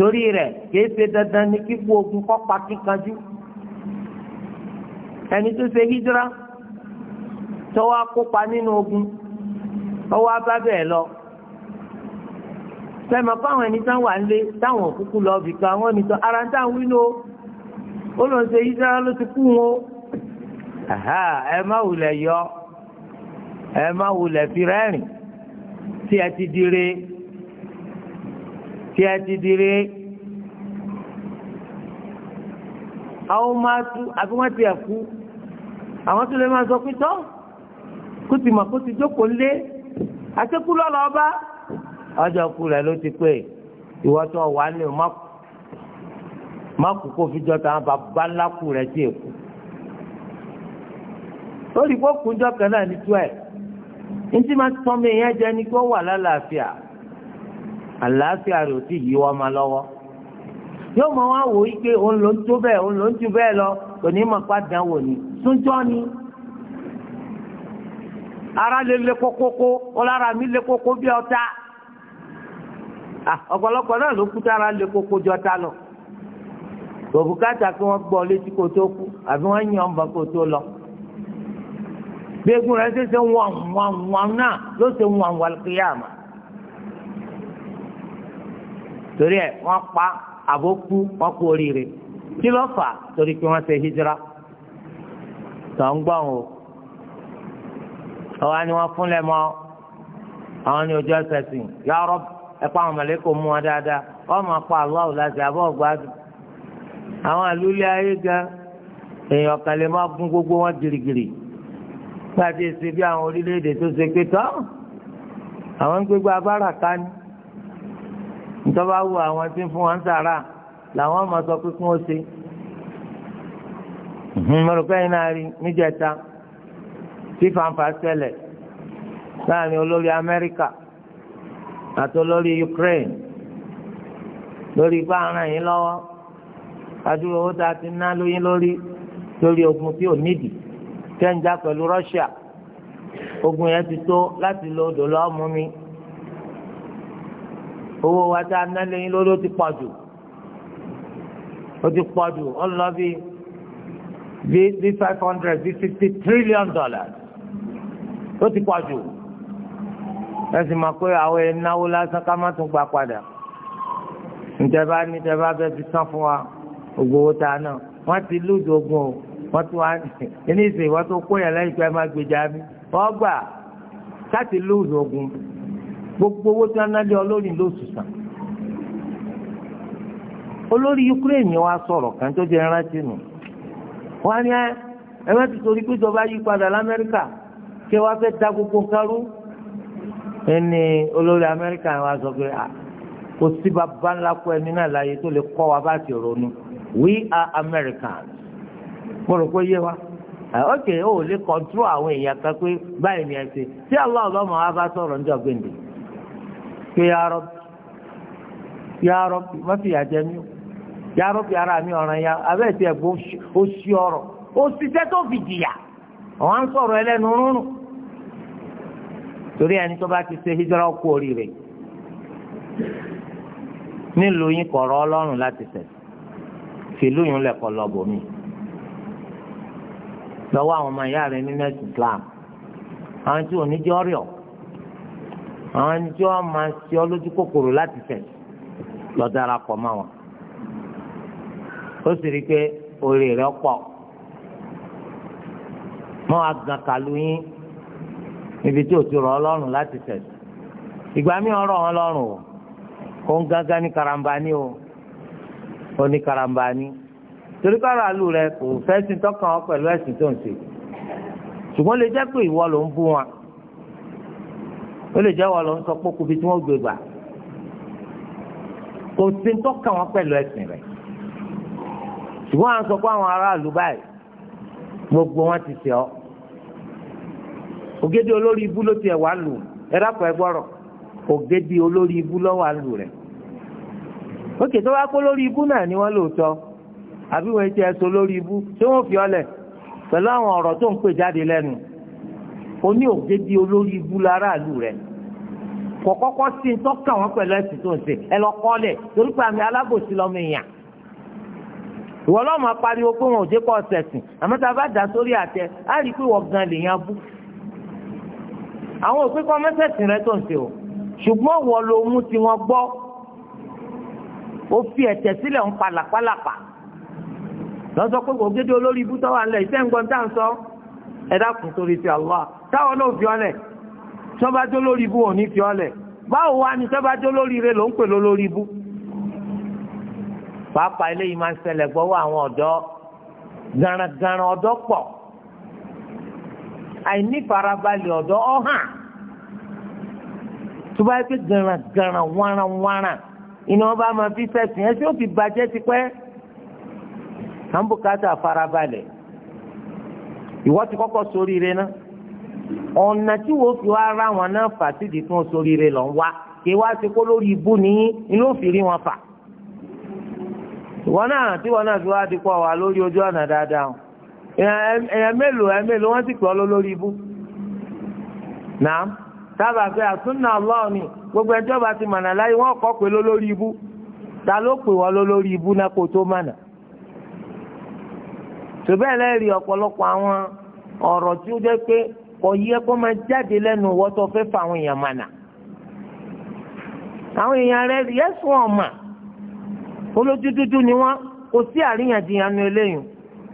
torí rẹ̀ kìí ṣe dandan ní kíkú ogun kọ́ pa kíkanjú ẹni tó ṣe hijira tó wá kópa nínú ogun tó wá bá bẹ́ẹ̀ lọ sẹ́mi fáwọn ẹni tán wà nílé táwọn kúkú lọ bìkan àwọn ẹni tán ara táwọn wí lóo ó lọ ṣe hijira ló ti kú wọn ẹ má wulẹ̀ yọ ẹ má wulẹ̀ fi rẹ́rìn tí ẹ ti dire tí a ti dire àwọn máa tú àbí wọ́n ti ẹ̀kú àwọn tó lè máa sọ pé tọ́ kó ti kó ti jókòó lé ọba ọjọ́ kú rẹ̀ ló ti pé ìwọ tó wà ní o má kú kó fi jọ tàn bàbá ńlá kú rẹ̀ sí èkó lórí kó kúnjọ́ kan náà ní tú máa tọ́ mi àlàáfíà rẹ̀ ò tí ì yíwọ́ ma lọ́wọ́ yóò mọ wá wò ó pé òun ló ń tó bẹ́ẹ̀ òun ló ń ju bẹ́ẹ̀ lọ kò ní mọ̀ pa dánwò ni súnjọ́ ni ara lè le kókókó ọlára mi le kókó bí ọ̀tá ọ̀pọ̀lọpọ̀ náà ló kú tára lè kókó jọ ta lọ bòbúkátà kí wọ́n gbọ́ létí kó tó kú àbí wọ́n yàn ọ̀nbọ̀n kó tó lọ gbẹ́gun rẹ̀ ṣẹ̀ṣẹ̀ wọ̀n wọ̀n wọ̀n náà ló ṣe wọ̀n wọ̀n kìyàmà torí ẹ̀ wọ́n pa àbókú wọ́n kú oríire kí ló fà torí pé wọ́n ṣe hijira tó ń gbọ́n o ọ̀wá ni wọ́n fúnlẹ̀ mọ́ àwọn ní ojú ẹsẹ̀ sìn ya Rabb ẹ̀pọ̀ àwọn mọ̀lẹ́kọ̀ mú wọn dáadáa wọ́n máa pa àlọ́ àwòlá sí abọ́ ọ̀gbádùn àwọn àlúlẹ̀ ayé gan èèyàn kan lè gún gbogbo wọn girigiri gbàdé ṣe bí àwọn orílẹ̀ tó ṣe pé tán àwọn ń gbégbá ká ni ntọ́ba wù àwọn tí ń fún wọn sàrà làwọn ọmọ sọ pé kí wọ́n ṣe mọ̀rùkọ́ mhm. yìí náà rí níjẹta tí fanfa ṣẹlẹ̀ láàrin olórí Amẹ́ríkà àti olórí Ukraine lórí ipá ara yín lọ́wọ́ adúrò owó tá a ti ná lóyún lórí lórí ogun tí ò nídìí kẹ́ńjà pẹ̀lú Russia ogun yẹn ti tó láti lo odò lọ́ọ́ mi owó wa tá a ná lẹ́yìn lórí ó ti pọ̀ jù ó ti pọ̀ jù ó lọ bí bí five hundred bí fifty trillion dollars ó ti pọ̀ jù ẹ sì mọ̀ pé àwọn ẹ̀náwó lásán ká má tún gba padà ǹjẹ́bá ní ìjẹ́bá bẹ́ẹ̀ fi tán fún wa gbogbo owó tá a náà wọ́n ti lùdò ogun o wọ́n tún wá ní ìsìn ìwọ́n tó kó yẹn lẹ́yìn pé ẹ má gbèjà mi wọ́n gbà láti lùdò ogun. gbogbo owó tí wọ́n náà lé olórí lóṣù sàn olórí Ukraine wa sọ̀rọ̀ kan tó jẹ́ rántí nù wọ́n ní ẹ má ti torí pé ìjọba yí padà l'Amẹ́ríkà kí wọ́n fẹ́ da gbogbo nǹkan ẹni olórí Amẹ́ríkà wa sọ pé kò sí bàbá ńlá ẹni náà láàyè tó lè kọ́ wa we are Americans mo rò pé yé wa ok o lè àwọn èèyàn kan pé báyìí ni ẹ ṣe tí aláwọ̀ bá mọ̀ wá bá sọ̀rọ̀ pé ya Rabbi ya Rabbi má fi yà jẹ mí o ya Rabbi ara mi ọ̀ràn ya abẹ́ ti ẹ̀gbọ́n ó ọ̀rọ̀ ó tó fi jìyà àwọn à ń sọ̀rọ̀ ẹlẹ́nu rúnrún torí ẹni tó bá ti ṣe hijira ọkọ oríire nílùú yín kọ̀rọ̀ ọlọ́run láti tẹ̀ fìlú yín lẹ̀kọ́ lọ́bọ̀ mi lọ́wọ́ àwọn ọmọ ìyá rẹ nínú ẹ̀sìn Islam àwọn tí ò ní àwọn ẹni tí wọ́n máa ṣe ọ lójú kòkòrò láti fẹ̀ lọ darapọ̀ mọ́ wọn ó sì rí i pé orí rẹ̀ pọ̀ mọ́ àgàn kàlú yín níbi tí ò ti rọ̀ láti fẹ̀ ìgbà mi ọ̀rọ̀ wọn lọ́rùn o ó ń gángan ní karambani o ó ní karambani torí kára àlù rẹ kò fẹ́ sí tọkàn ọ pẹ̀lú ẹ̀sìn tó ń ṣe ṣùgbọ́n lè jẹ́ pé ìwọ ló ń bú wọn ó lè jẹ́ wà lọ sọ pé kò fi tí wọ́n gbé gbà kò sí tọ́ka wọn pẹ̀lú ẹ̀sìn rẹ̀ ṣùgbọ́n à ń sọ pé àwọn aráàlú báyìí gbogbo wọn ti tẹ̀ ọ́ ògèdè olórí ibú ló tiẹ̀ wá lù ẹ dákọ̀ ẹ gbọ́rọ̀ ògèdè olórí ibú lọ́wọ́ à ń lù rẹ̀ òkè tó wá kó lórí ibú náà ni wọ́n lóòótọ́ àbí wọ́n ti ẹ̀ sọ lórí ibú tí wọ́n fi ọ́ lẹ̀ pẹ̀lú àwọn ọ̀rọ̀ tó ń pè jáde lẹ́nu oní òde bíi olórí ibú láràlú rẹ̀ kọ̀kọ́kọ́ sí i tọ́ka wọn pẹ̀lú ẹ̀sìn tó ń ṣe ẹ lọ kọ́lẹ̀ torí pé àmì alábòsí lọ́mọ èèyàn ìwọ lọ́mọ pariwo pé wọn ò jẹ́ kọ́ ṣẹ̀sìn àmọ́ tá a bá dà sórí àtẹ á rí i pé wọ́n gan lèèyàn bú àwọn òpin kan mẹ́sẹ̀sìn rẹ tó ń ṣe o ṣùgbọ́n wọ́n lo ohun tí wọ́n gbọ́ ó fi ẹ̀tẹ̀ sílẹ̀ ń palàpalàpà lọ́sọ pé kò gédé olórí ibú tọ́wọ́ àlẹ́ ìṣẹ́ ń táwọn náà fi ọlẹ̀ sọ́ba jó lórí ibú òní fi ọlẹ̀ báwo wá ni sọ́ba jó lórí ire ló ń pè lórí ibú. pàápàá eléyìí máa ń ṣẹlẹ̀ gbọ́wọ́ àwọn ọ̀dọ́ garagara ọ̀dọ́ pọ̀ àìnífarabalẹ̀ ọ̀dọ́ ọ̀hàn tó bá yẹ garagara wáranwáran iná wọn bá máa fi sẹ́sìn ẹ tí ó fi bàjẹ́ tipẹ́ àǹbùkátà farabalẹ̀ ti kọ́kọ́ sórí náà ọ̀nà tí wọ́n fi wá wọn náà fà sídìí tí wọ́n sóríire lọ wá kí wá ti kó lórí ibú ní inú òfin wọn fà. náà tí wọn náà fi wá ti pọ̀ wá lórí ojú ọ̀nà dáadáa o èèyàn mélòó èèyàn wọ́n lọ lórí ibú. nàá sábà pé gbogbo ẹjọ́ bá ti mọ̀nà láyé wọ́n kọ́ pé ló lórí ibú ta ló pè wọ́n lórí ibú náà kó tó ọ̀pọ̀lọpọ̀ àwọn kò yẹ kó máa jáde lẹ́nu wọ́tọ̀ fẹ́ fa àwọn èèyàn mànà àwọn èèyàn rẹ yẹ́sùn ọ̀mà olójú dúdú ni wọ́n kò sí àríyànjiyàn nu eléyìí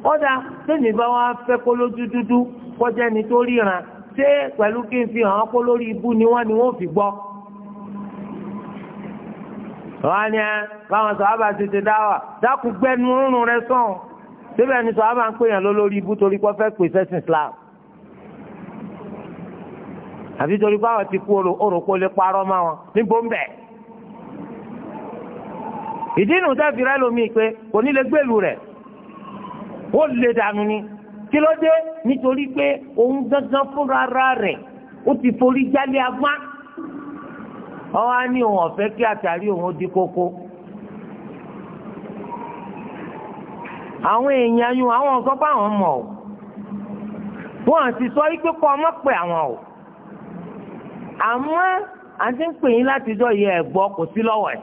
kódà tèmi bá wá fẹ́ kó lójú dúdú kọjá ẹni tó ríran ṣé pẹ̀lú kí n fi hàn án kó lórí ibú ni wọ́n ni wọ́n fi gbọ́ wọ́n ní ẹ ah, báwọn sọ̀hábà ti ti dáwà dákú gbẹ́nu rúnrún rẹ sàn síbẹ̀ ni sọ̀hábà ń pè yàn lólórí ibú torí pé fẹ́ pèsè sí Islam àbí torí báwọn ti kú òròpó lè parọ́ mọ́ wọn níbo ń bẹ̀. ìdí inú tẹ́ fìrẹ́ lomi pé kò ní lè gbèlú rẹ̀ ó lè dànù ni kí ló dé nítorí pé òun gángan fúnra rẹ̀ ó ti forí jálẹ̀ agbá wọ́n á òun ọ̀fẹ́ kí àtàrí òun di kókó. àwọn èèyàn yun àwọn nǹkan bá wọn mọ̀ ọ́ wọ́n ti sọ wípé kọ́ ọmọ pé àwọn ò àmọ́ àti ń pè yín láti jọ yẹ ẹ̀gbọ́ kò sí lọ́wọ́ ẹ̀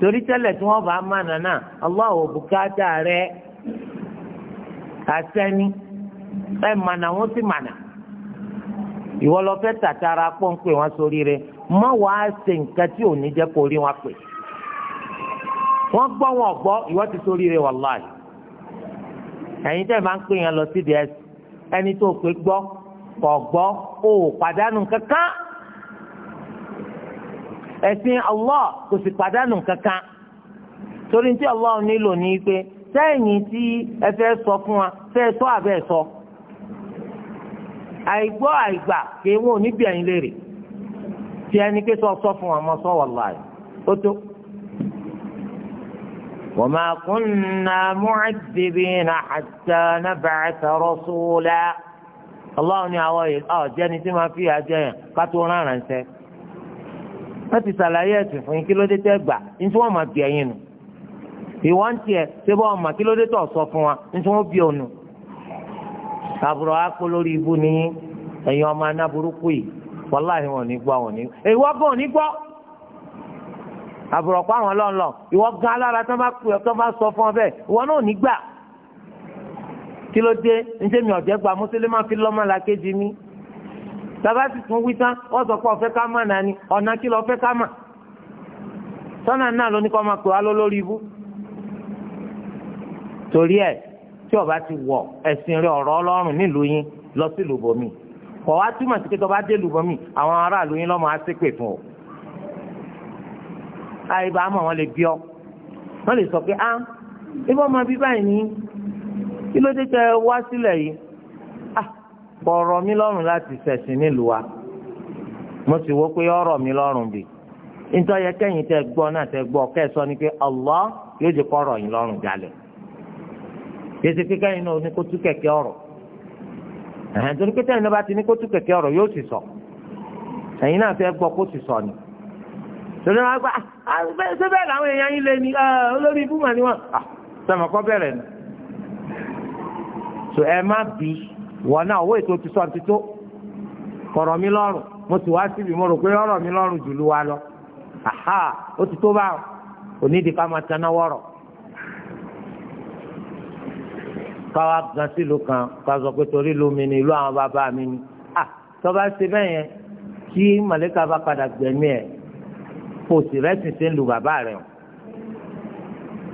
torí tẹ́lẹ̀ tí wọ́n bá má nànà Allah bùkátà rẹ̀ àsẹ́ni ẹ̀ mànà wọ́n sì mànà ìwọ lọ fẹ́ tàtàrà pọ́ńpẹ́ wọn sórí rẹ̀ mọ́ wàá ṣe nǹkan tí ò ní jẹ́ wọ́n gbọ́ wọn gbọ́ ti sórí rẹ̀ wàláì ẹ̀yin tẹ́ máa ń pè lọ sí di ẹni tó kọ̀gbọ́ ò pàdánù kankan ẹ̀sìn Allah kò sì pàdánù kankan torí tí Allah nílò ní pé sẹ́yìn tí ẹ fẹ́ sọ fún wa fẹ́ sọ àbẹ́ sọ àìgbọ́ àìgbà kì í wọn ò ní bí ẹ̀yin léèrè tí ẹni pé sọ sọ fún wa mọ sọ wallahi ó tó. وما كنا معذبين حتى نبعث رسولا Allah ni àwọn ọ̀jẹ́ni tí máa fi àjẹ yàn ká tó rán àránṣẹ́ wọ́n ti ṣàlàyé ẹ̀sìn fún yín kí ló dé tẹ́ gbà ní tí wọ́n máa bí ẹyin nù ìwọ ń tiẹ̀ ṣé bọ́ ọmọ kí ló dé tọ̀ sọ fún wa ní tí wọ́n bí òun nù àbúrò akpó lórí ibú ni ẹ̀yin ọmọ anáburúkú yìí wàláhì wọn ní gbọ́ wọn ní ìwọ gan ní gbọ́ àbúrò pa àwọn lọ́nlọ́ ìwọ gan alára tó bá sọ fún ọ bẹ́ẹ̀ ìwọ náà ní gbà kí ló dé njẹ́ mi ọ̀jẹ́ gba mùsùlùmá fi lọ́mọ la kéjì mi bàbá sì tún wí tán wọ́n sọ pé ọ̀fẹ́ ká mà náà ni ọ̀nà kí lọ́ọ́ fẹ́ ká mà sọ́nà náà ló ní kọ́ máa pè wá lólórí ibú torí ẹ̀ tí ọba ti wọ̀ ẹ̀sìn rẹ ọ̀rọ̀ ọlọ́run nílùú yín lọ sí lùbọ̀mí kọ̀ wá túmọ̀ sí pé tọba dé lùbọ̀mí àwọn aráàlú yín lọ́mọ á ṣépè fún o àyè bá mọ̀ wọ́n lè bí ọ wọ́n lè sọ pé á ibà ọmọ bíbá yìí ni kí ló dé tẹ wá sílẹ̀ yìí ah, ọ̀rọ̀ mi lọ́rùn láti ṣẹ̀sìn nílùú wa mo sì wò pé ọ̀rọ̀ mi lọ́rùn bì nítorí yẹ kẹ́yìn tẹ gbọ́ náà tẹ gbọ́ ni pé Allah yóò jẹ́ kọ́ ọ̀rọ̀ yìí lọ́rùn jalè yéésì pé kẹ́yìn náà ní kó tú kẹ̀kẹ́ ọ̀rọ̀ ẹ̀hẹ́n torí pé tẹ́yìn náà bá ti ní kó tú kẹ̀kẹ́ ọ̀rọ̀ yóò sì sọ ẹ̀yìn náà fẹ́ gbọ́ kó sì sọ ni torí wọn gbà ah, ah, ṣé bẹ́ẹ̀ làwọn èèyàn yín lé ni olórí ibùmọ̀ ni wọn sọmọkọ bẹ̀rẹ̀ ni so ẹ má bí wọn náà owó ètò ti sọ ti tó kọ̀rọ̀ mi lọ́rùn mo sì wá síbi mo rò pé ọ̀rọ̀ mi lọ́rùn jù lù wa lọ aha ó ti tó báwọn onídìí ká máa taná wọ̀rọ̀ káwá gan sílùú kan ká sọ pé torí ìlú mi ni ìlú àwọn bàbá mi ni ah tọ́ba ṣe bẹ́ẹ̀ yẹn kí màlẹ́kà bá padà gbẹ̀mí ẹ̀ kò sì rẹ́sìn sí ń lu bàbá rẹ̀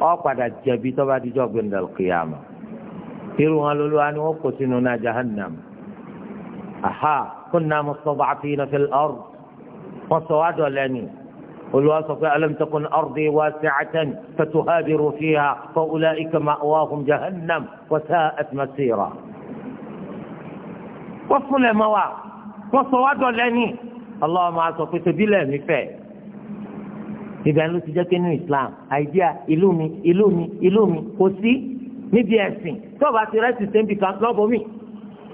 o padà jẹ̀bi tọ́ba díjọ́ gbẹ̀ndàlùkìyàmù irú wọn lolúwa ni wọn kò sínú náà jahannam aha kunna mustad'afina fil ard wọn sọ wá dọ̀lẹ́ ni olúwa sọ pé alam takun ardi wasi'atan fatuhabiru fiha fa ulaika ma'wahum jahannam wa sa'at masira. wọ́n fúnlẹ̀ mọ́ wa wọ́n sọ wá dọ̀lẹ́ ni Allah máa sọ pé tóbi lẹ́ẹ̀mí fẹ́ ibẹ̀ ló ti jẹ́ kí nínú Islam àìdíà ìlú mi ìlú mi ìlú mi kò sí níbi ẹ̀sìn tó o bá ti rẹ́sì sẹ́ńbì kan lọ́bọ̀ mi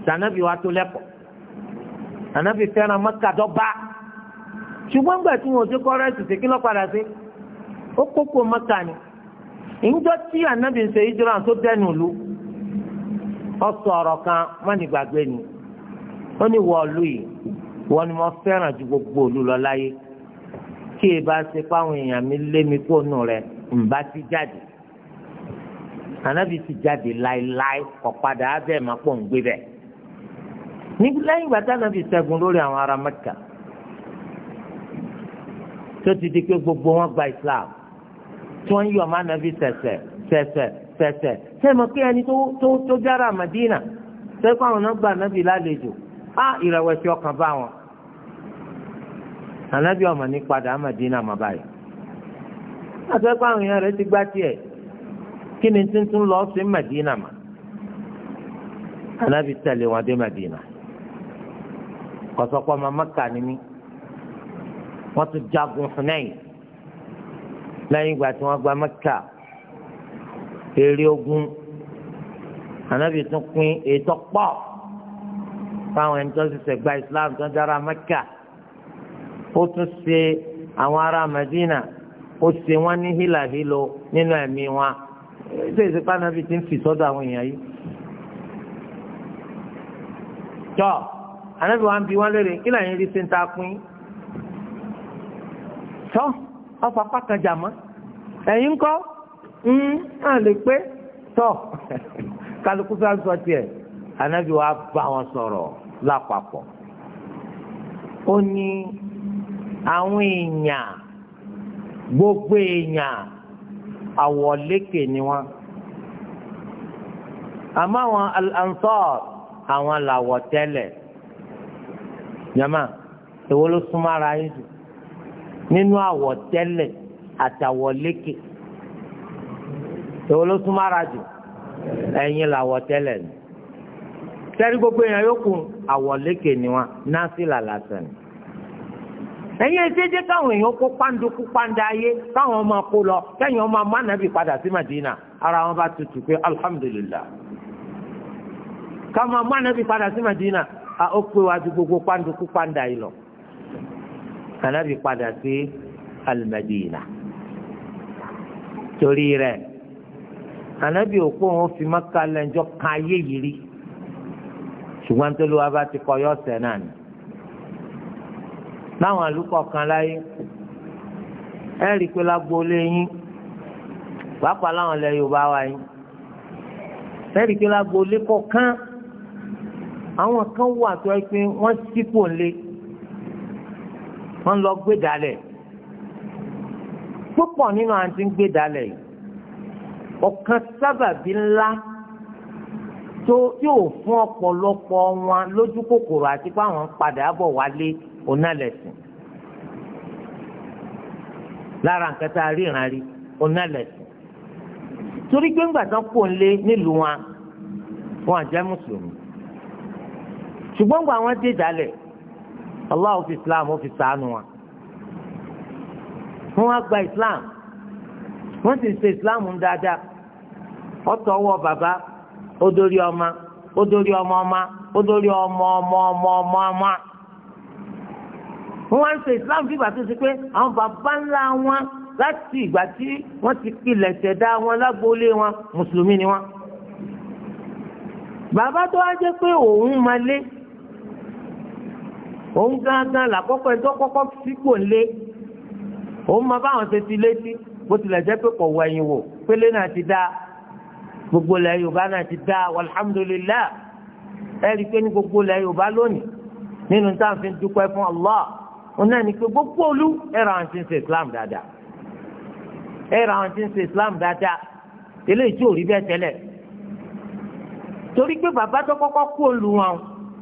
sànàbì wa tó lẹ́kọ̀ọ́ sànàbì fẹ́ràn mọ́kàdọ́gba ṣùgbọ́n gbà tí wọn ò ti kọ́ rẹ́sì sí kí lọ́ padà sí ó kókó mọ́kà ni ìjọ tí ànábì ń ṣe ìjọra tó dẹnu lu ọ sọ ọ̀rọ̀ kan má ní gbàgbé ni ó ní wọ ọlú yìí wọ́n ní wọ́n fẹ́ràn ju gbogbo òlu lọ láyé kí ẹ ṣe fáwọn èèyàn mi lé mi kó nù rẹ̀ ǹ ti jáde anabi ti jáde láéláé ọ̀padà abẹ́ máa pọ̀ ń gbé bẹ́ẹ̀. níbi lẹ́yìn ìgbà tí anabi ṣẹ́gun lórí àwọn ará mẹ́kà tó ti di pé gbogbo wọn gba islam tí wọ́n ń yọ̀ máa anabi sẹ̀sẹ̀ sẹ̀sẹ̀ sẹ̀sẹ̀ sẹ́mi pé ẹni tó jára àmàdínà sẹ́kọ̀ àwọn náà gba anabi lálejò á ìrẹ̀wẹ̀sì ọkàn bá wọn. anabi ọmọ ní padà àmàdínà mọ̀ báyìí. àtẹ́kọ̀ àwọn èèyàn rẹ̀ ti gbá tiẹ̀ kí tuntun lọ sí Madina mà anabi tẹ̀lé wọn dé Madina kọsọkọ ọmọ Mẹ́kà ni wọn tún jagun Hunain lẹ́yìn ìgbà tí wọn gba Mẹ́kà èrè ogun anabi tún pín ètò pọ̀ fáwọn ẹni tó ṣẹ̀ṣẹ̀ gba Islam tó dára Mẹ́kà ó tún ṣe àwọn ará Madina ó ṣe wọn ní hílàhílo nínú ẹ̀mí wọn ṣé ìsìnkú ànábì ti ń fi sọ́dọ̀ àwọn èèyàn yìí. tọ́ ànábì wa ń bi wọ́n léèrè kí làyín rí sí ń ta pín. tọ́ ọ̀pọ̀ apá kan jà mọ́ ẹ̀yin kọ́ ń hàn lè pé tọ́ kálukú fẹ́ sọ tiẹ̀ ànábì wa bá wọn sọ̀rọ̀ lápapọ̀. ó ní àwọn èèyàn gbogbo èèyàn. àwọ̀lékè ni wọ́n àmọ́ àwọn al àwọn làwọ̀ tẹ́lẹ̀ jama èwo ló súnmọ́ yín jù nínú àwọ̀ tẹ́lẹ̀ àtàwọ̀lékè èwo ló jù ẹ̀yin làwọ̀ tẹ́lẹ̀ ni sẹ́rí gbogbo èèyàn yókù àwọ̀lékè ni wọ́n náà ẹ̀yin ẹ jẹ́jẹ́ káwọn èèyàn kó pàǹdùkú pàǹdà ayé káwọn máa kó lọ kẹ́yìn ọmọ amánàbì padà sí Madina ara wọn bá tutù pé alhamdulillah káwọn amánàbì padà sí Madina a ó pé wá ju gbogbo pàǹdùkú pàǹdà yìí lọ kànábì padà sí alimadina torí rẹ̀ kànábì òpó wọn fi mọ́kànlẹ́njọ́ kan ayé yìí rí ṣùgbọ́n tó ló wá bá ti kọ́ yọ ọ̀sẹ̀ náà ni láwọn àlùkò kan láyé ẹ rí i pé lágboolé yín pàápàá láwọn ilẹ̀ Yorùbá wa yín ẹ rí i pé lágboolé kọ̀ọ̀kan àwọn kan wà tó ẹ pé wọ́n sípò ńlẹ̀ wọ́n lọ gbé dalẹ̀ púpọ̀ nínú àǹtí ń gbé dalẹ̀ yìí ọ̀kan sábàbí ńlá tó yóò fún ọ̀pọ̀lọpọ̀ wọn lójú kòkòrò àti pé àwọn padà bọ̀ wálé onálẹ̀sìn lára nǹkan tá a rí ìran rí onálẹ̀sìn torí pé ńgbà tán kò lé nílùú wọn wọn mùsùlùmí ṣùgbọ́n gbà Allah fi Islam fi ṣàánú wọn wọ́n Islam wọ́n sì Islam dáadáa ọ̀tọ̀ ọwọ́ bàbá ó dórí ọmọ ó dórí ọmọ ọmọ ó dórí ọmọ ọmọ ọmọ ọmọ ọmọ. wọ́n wá ń sọ islam bí ìgbà tó ṣe pé àwọn bàbá ńlá wọn láti ìgbà tí wọ́n ti pilẹ̀ ṣẹ̀dá wọn lágbólé wọn mùsùlùmí ni wọn. bàbá tó wá jẹ́ pé òun máa lé òun gángan làkọ́kọ́ ẹni tó kọ́kọ́ sípò lé òun máa báwọn ṣe ti létí bó tilẹ̀ jẹ́ pé kò wọ ẹ̀yìn wò pélé náà ti dá gbogbo ilẹ̀ yorùbá náà ti dá alhamdulilayi ẹ̀rí pé ní gbogbo ilẹ̀ yorùbá lónìí nínú táwọn fi ń dúpẹ́ fún Allah òun ni ní pé gbogbo olú ẹ̀rọ àwọn tí ń ṣe islam dáadáa ẹ̀rọ àwọn tí ń ṣe islam dáadáa eléyìí tí ò rí bẹ́ẹ̀ tẹ́lẹ̀ torí pé bàbá tó kọ́kọ́ kú olú wọn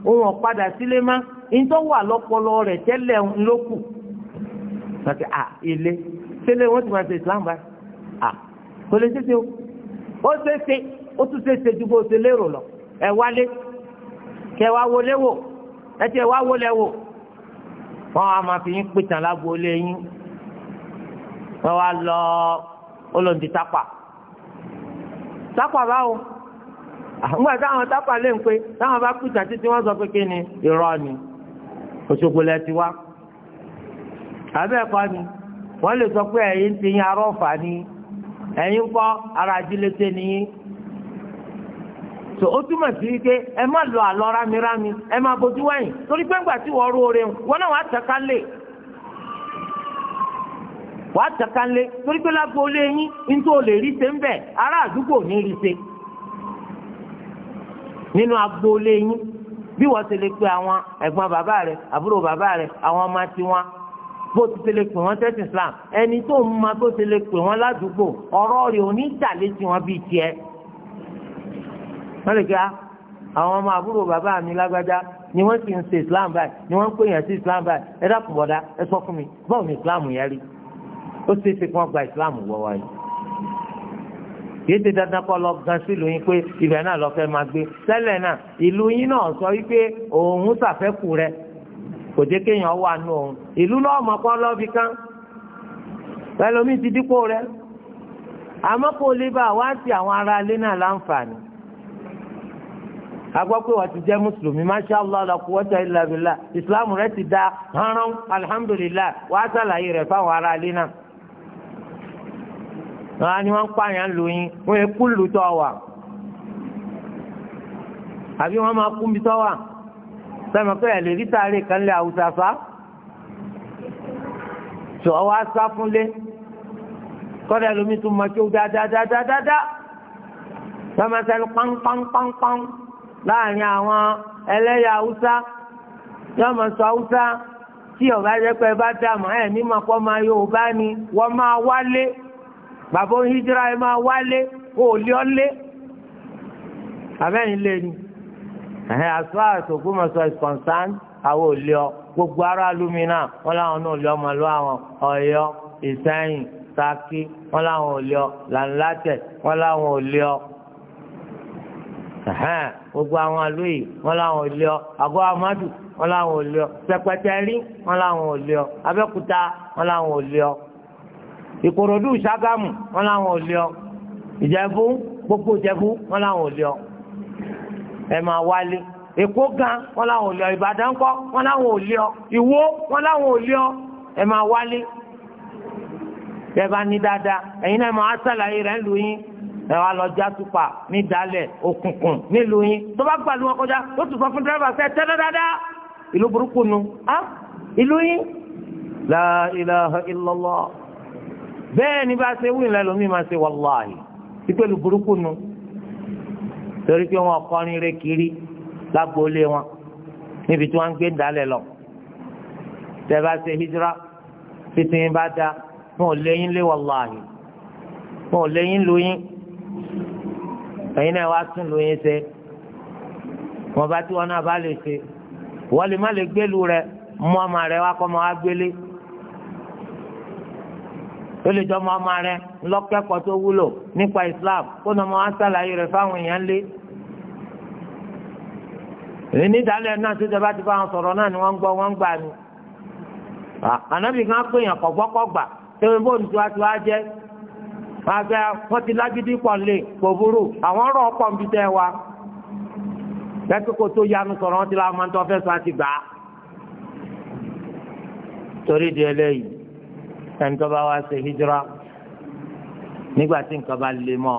òun ọ̀padà sílé má ìtọ́ wà lọ́pọlọ rẹ̀ tẹ́lẹ̀ ló kù láti à ilé tẹ́lẹ̀ wọ́n ti máa ṣe islam báyìí à kò lè ṣe ṣe o ó ṣe ṣe ó tún ṣe ṣe ju bó ṣe lérò lọ ẹ wálé kẹ wọlé wò ẹ tiẹ̀ wá wọlé wò wọ́n á máa fi yín pìtàn lágboolé yín wọ́n wá lọ olóńdí tápà tápà báwo àwọn àtàwọn tápà lè ń pe táwọn bá pìtàn títí wọ́n sọ pé kí ni irọ́ ni Òṣogbo lẹ ti wá àbẹ́ kọ́ ni wọ́n lè sọ pé ẹ̀yin ti yín arọ́ fà ni ẹ̀yin kọ́ ara ajílété ni yín tó o túmọ̀ sí wípé ẹ má lọ àlọ́ rámirámi ẹ má bójú wẹ̀yìn torí pé ńgbà tí wọ́n rú oore wọn náà wàá tẹ̀ka lé wàá tẹ̀ka lé torí pé lágbo olé yín nítorí o lè rí ṣe ń bẹ̀ ará àdúgbò ní rí ṣe nínú agbo olé yín bí wọ́n ti lè pe àwọn ẹ̀gbọ́n bàbá rẹ̀ àbúrò bàbá rẹ̀ àwọn ọmọ tiwọn bó ti ti pè wọ́n tẹ́sí Islam ẹni tó ń ma tó ti lè pè wọ́n ládùúgbò ọ̀rọ̀ rẹ̀ ò ní ìjà létí wọn bíi tiẹ̀ wọ́n lè kí á ah, àwọn ọmọ àbúrò bàbá mi lágbájá ni wọ́n ti ń ṣe islam báyìí ni wọ́n ń pèèyàn sí islam báyìí ẹ dákun bọ̀dá ẹ sọ fún mi báwo ni islam yẹn rí ó ṣe é ṣe kí wọ́n gba islam wọ wáyé kìí ṣe dandan kọ́ lọ gan sílùú yín pé ibẹ̀ náà lọ fẹ́ máa gbé tẹ́lẹ̀ náà ìlú yín náà sọ wípé òun ṣàfẹ́kù rẹ kò jẹ́ kéèyàn wà nù òun ìlú lọ́ọ̀mọ kọ́ lọ́ọ̀bì kan ẹlòmíì ti dípò rẹ àmọ́ kò lè bá wá sí àwọn ará ilé náà láǹfààní agbọ́ pé wọ́n ti jẹ́ mùsùlùmí masha allah la quwwata illa billah ìsìláàmù rẹ ti da hánrán alhamdulillah wàá sàlàyé rẹ fáwọn ará ilé náà. wọ́n á ní wọ́n ń pààyàn lù yín wọ́n yẹ kúlù tọ́ wà àbí wọ́n máa kú mi tọ́ wà sẹ́mi pé ẹ̀ lè rí sáré kan lé àwùjọ fa tó ọwọ́ á sá fúnlé kọ́dà lómi tún máa kí ó dáadáa dáadáa dáadáa sọ́mọ́sẹ́ni pánpánpánpán láàrin àwọn ẹlẹ́yà haúsá yóò máa sọ haúsá tí ọ̀gá jẹ́ pé bá dààmú ẹ̀ ní màá kọ́ máa yorùbá ni wọ́n máa wálé bàbá oníjìrá ẹ máa wálé kó o lé ọ́lé abẹ́yìn lé ni as far as Ògbómọ̀ṣọ́ is concerned àwọn ò lé ọ gbogbo ará lómìnà wọn làwọn náà lé ọmọ lọ àwọn Ọ̀yọ́ Ìsẹ́yìn Ṣakí wọn làwọn ò ọ làǹlàtẹ̀ wọn làwọn ò ọ gbogbo àwọn alóyè wọn làwọn ò lé ọ àgọ́ amadu wọn làwọn ò lé ọ pẹpẹtẹrí wọn làwọn ò lé ọ abẹ́kúta wọn làwọn ò lé ọ ìkòròdú ṣàgámù wọn làwọn ò lé ọ ìjẹ̀bú gbogbo ìjẹ̀bú wọn làwọn ò lé ẹ máa wálé èkó gan wọn làwọn ò lé ìbàdàn kọ wọn làwọn ò lé ìwó wọn làwọn ò lé ẹ máa wálé tẹ ní dáadáa ẹ̀yin náà máa sàlàyé rẹ̀ ń lù yín ẹ wá lọ já tupa ní dalẹ̀ òkùnkùn nílùú yín tó bá gbà lóun kọjá ó tún sọ fún dírẹ́fà sẹ́ tẹ́lẹ̀ dáadáa ìlú burúkú nu á ìlú yín la ilaha illallah bẹ́ẹ̀ ni bá ṣe wí ìlànà mi máa ṣe wàláhì ìpèlú burúkú nu torí pé wọn kọrin rẹ kiri lágbóolé wọn níbi tí wọn ń gbé dalẹ̀ lọ tẹ́ bá ṣe hijira títí yín bá da wọn ò léyìn lé wàláhì wọn ò léyìn lóyìn ẹ̀yin náà wá tún lóyún ṣe wọn bá tí wọn náà bá lè ṣe wọn lè má lè gbélu rẹ mú ọmọ rẹ wá kọ́ ọmọ wá gbélé ó lè jọ ọmọ ọmọ rẹ lọ́kẹ́kọ̀ọ́ tó wúlò nípa Islam kó ní ọmọ wa ṣàlàyé rẹ fáwọn èèyàn lé èyí ní ìdálẹ́ náà tó jẹ bá ti bá wọn sọ̀rọ̀ náà ni wọ́n ń gbọ́ wọ́n ń gbà ni ànábì kan pè yàn kọ̀gbọ́kọ̀gbà tẹ́wé bóun tí wá ti wá jẹ́ àgbẹ̀ wọ́n ti lágídí pọ̀ lè kò burú àwọn ọ̀rọ̀ ọ̀pọ̀ nbí tẹ́ wa lẹ́kẹ́ kó tó yanu sọ̀rọ̀ wọn ti la máa ń tọ́ fẹ́ sọ àti gbà á. torí di eléyìí ẹni tó bá wá ṣe hijira nígbà tí nǹkan bá lè mọ́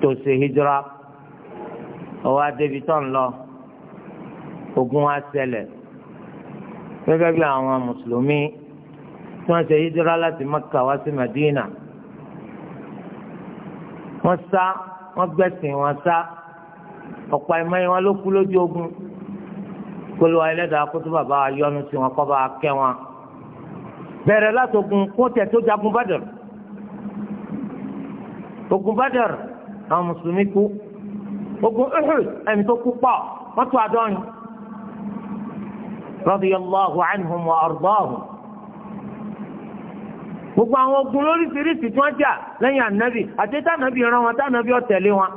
tó ṣe hijira ọwọ́ adébi tó ń lọ ogun wa ṣẹlẹ̀ gẹ́gẹ́ bí àwọn mùsùlùmí tí wọ́n ṣe hijira láti Mẹ́kà wá sí Madina wọ́n sá wọ́n gbẹ̀sìn wọ́n sá ọ̀pọ̀ ẹ̀mọ́ yẹn wọ́n ló kú lójú ogun kólúwa ẹlẹ́dàá kó tó bàbá wa yọ́nú sí wọn kó bá wa kẹ́ wọn. bẹ̀rẹ̀ látogun kó tẹ̀ tó jagun bàdàr ogun bàdàr àwọn mùsùlùmí kú ogun uhud ẹni tó kú pọ̀ wọ́n tó àádọ́rin radiyallahu anhum wa ardahum. gbogbo àwọn ogun lóríṣiríṣi tí wọ́n jà lẹ́yìn ànábì àti tànàbì rán wọn tànàbì ọ̀tẹ̀lé wọn.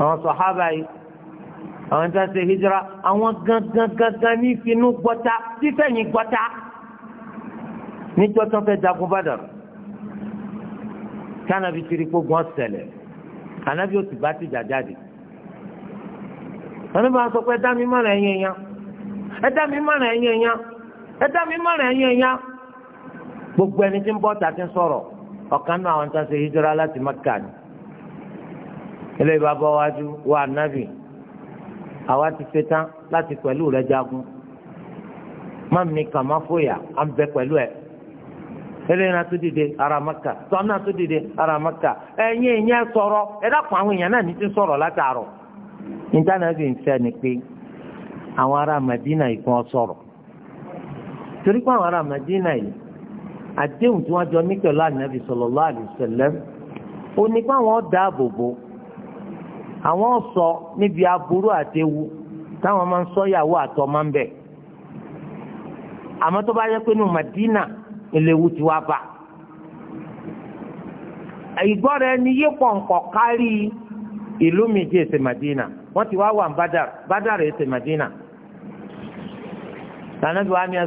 àwọn sọ̀hábà yìí àwọn tí wọ́n ṣe hijira àwọn gangan ní finú gbọ́ta fífẹ̀yìn gbọ́ta níjọ́ tó fẹ́ jagun bàdàn tànàbì tiri gbogbo ọ̀sẹ̀lẹ̀ ànábì òtù bá ti jà jáde. wọ́n bá sọ pé ẹ dá mi mọ̀ràn ẹ̀yìn ẹ dá mi mọ̀ràn gbogbo ẹni tí ń bọ́ ta ti ń sọ̀rọ̀ ọ̀kan náà àwọn tán ṣe hijira láti Mẹ́kà ni bọ́ wájú wa àwa ti ṣe tán láti pẹ̀lú jagun má mi kàn má fòyà à ń bẹ pẹ̀lú tó dìde ara Mẹ́kà tọ́m náà tó dìde ara Mẹ́kà ẹ̀yin ìyẹn sọ̀rọ̀ ẹ dákun àwọn èèyàn náà ní ti Madina yìí kàn sọ̀rọ̀ torí pé àwọn Madina yìí àdéhùn tí wọ́n jọ ní pẹ̀lú ànábì sallallahu alaihi wasallam ó ní pé dáàbò bò àwọn sọ níbi aburú àtẹwu táwọn máa ń sọ àtọ máa ń àmọ́ tó bá yẹ pé Madina ìléwu ti wá bá ìgbọ́ra n'i yé pọ̀npọ̀ kárí ìlú méje ẹsẹ̀ Madina wọ́n ti wá wà bada Badar ete Madina lànà wàá ní ẹ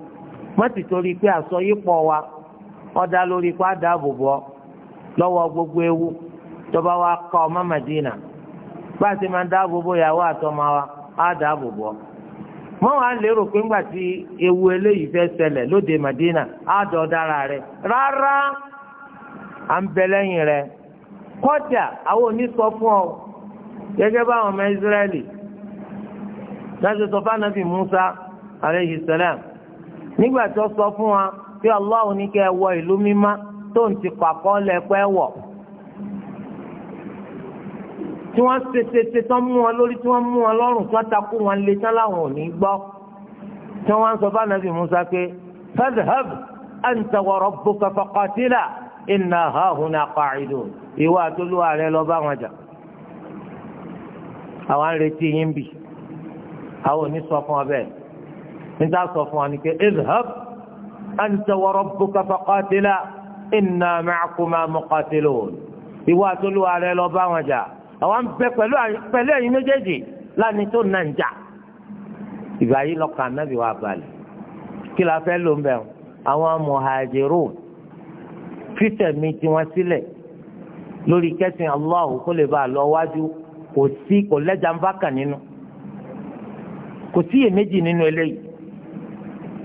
má sì torí pé àsọyípọ̀ wa ọ̀dà lórí pé àdáàbòbọ̀ lọ́wọ́ gbogbo ewu tọba wa kọ ọmọ Madina bá ma máa dáàbòbò ìyàwó àtọmọ wa àdáàbòbọ̀ wọ́n wá lérò pé ńgbà tí ewu eléyìí fẹ́ sẹlẹ̀ lóde Madina àádọ́ dára rẹ̀ rárá à ń bẹ lẹ́yìn rẹ̀ kọjá àwọn onísọ fún ọ gẹ́gẹ́ báwọn ọmọ Israẹli láti sọ Musa aleyhi nígbà tó sọ fún wa pé ọlọ́run ní kẹ́ ẹ wọ ìlú mímá tó ń ti pàkọ́ lẹ́pẹ́ wọ̀ tí wọ́n ṣètètè tán mú wọn lórí tí wọ́n mú wọn lọ́rùn tí wọ́n takú wọn lé tán láwọn ò ní gbọ́ tí wọ́n sọ bá nàbì Musa pé fadhhab anta wa rabbuka faqatila inna hahuna qa'idun ìwọ lọ bá wọn jà àwọn ń yín bì àwọn ò ní sọ fún ọ bẹ́ẹ̀ níta sọ fún wa ni pé izhab anta wa rabbuka faqatila inna ma'akuma muqatilun ìwọ àtolúwa rẹ lọ bá wọn jà àwọn bẹ pẹ̀lú pẹ̀lú ẹ̀yin méjèèjì lánìí tó nà ń jà ìgbà yìí lọ́kàn anábì wa balẹ̀ kí la fẹ́ ló ń bẹ̀ àwọn muhajirun fífẹ̀mí tiwọn sílẹ̀ lórí kẹ́sìn Allah kó lè bá a lọ wájú kò sí kò lẹ́jà ń bá kàn nínú kò sí iyèméjì nínú eléyìí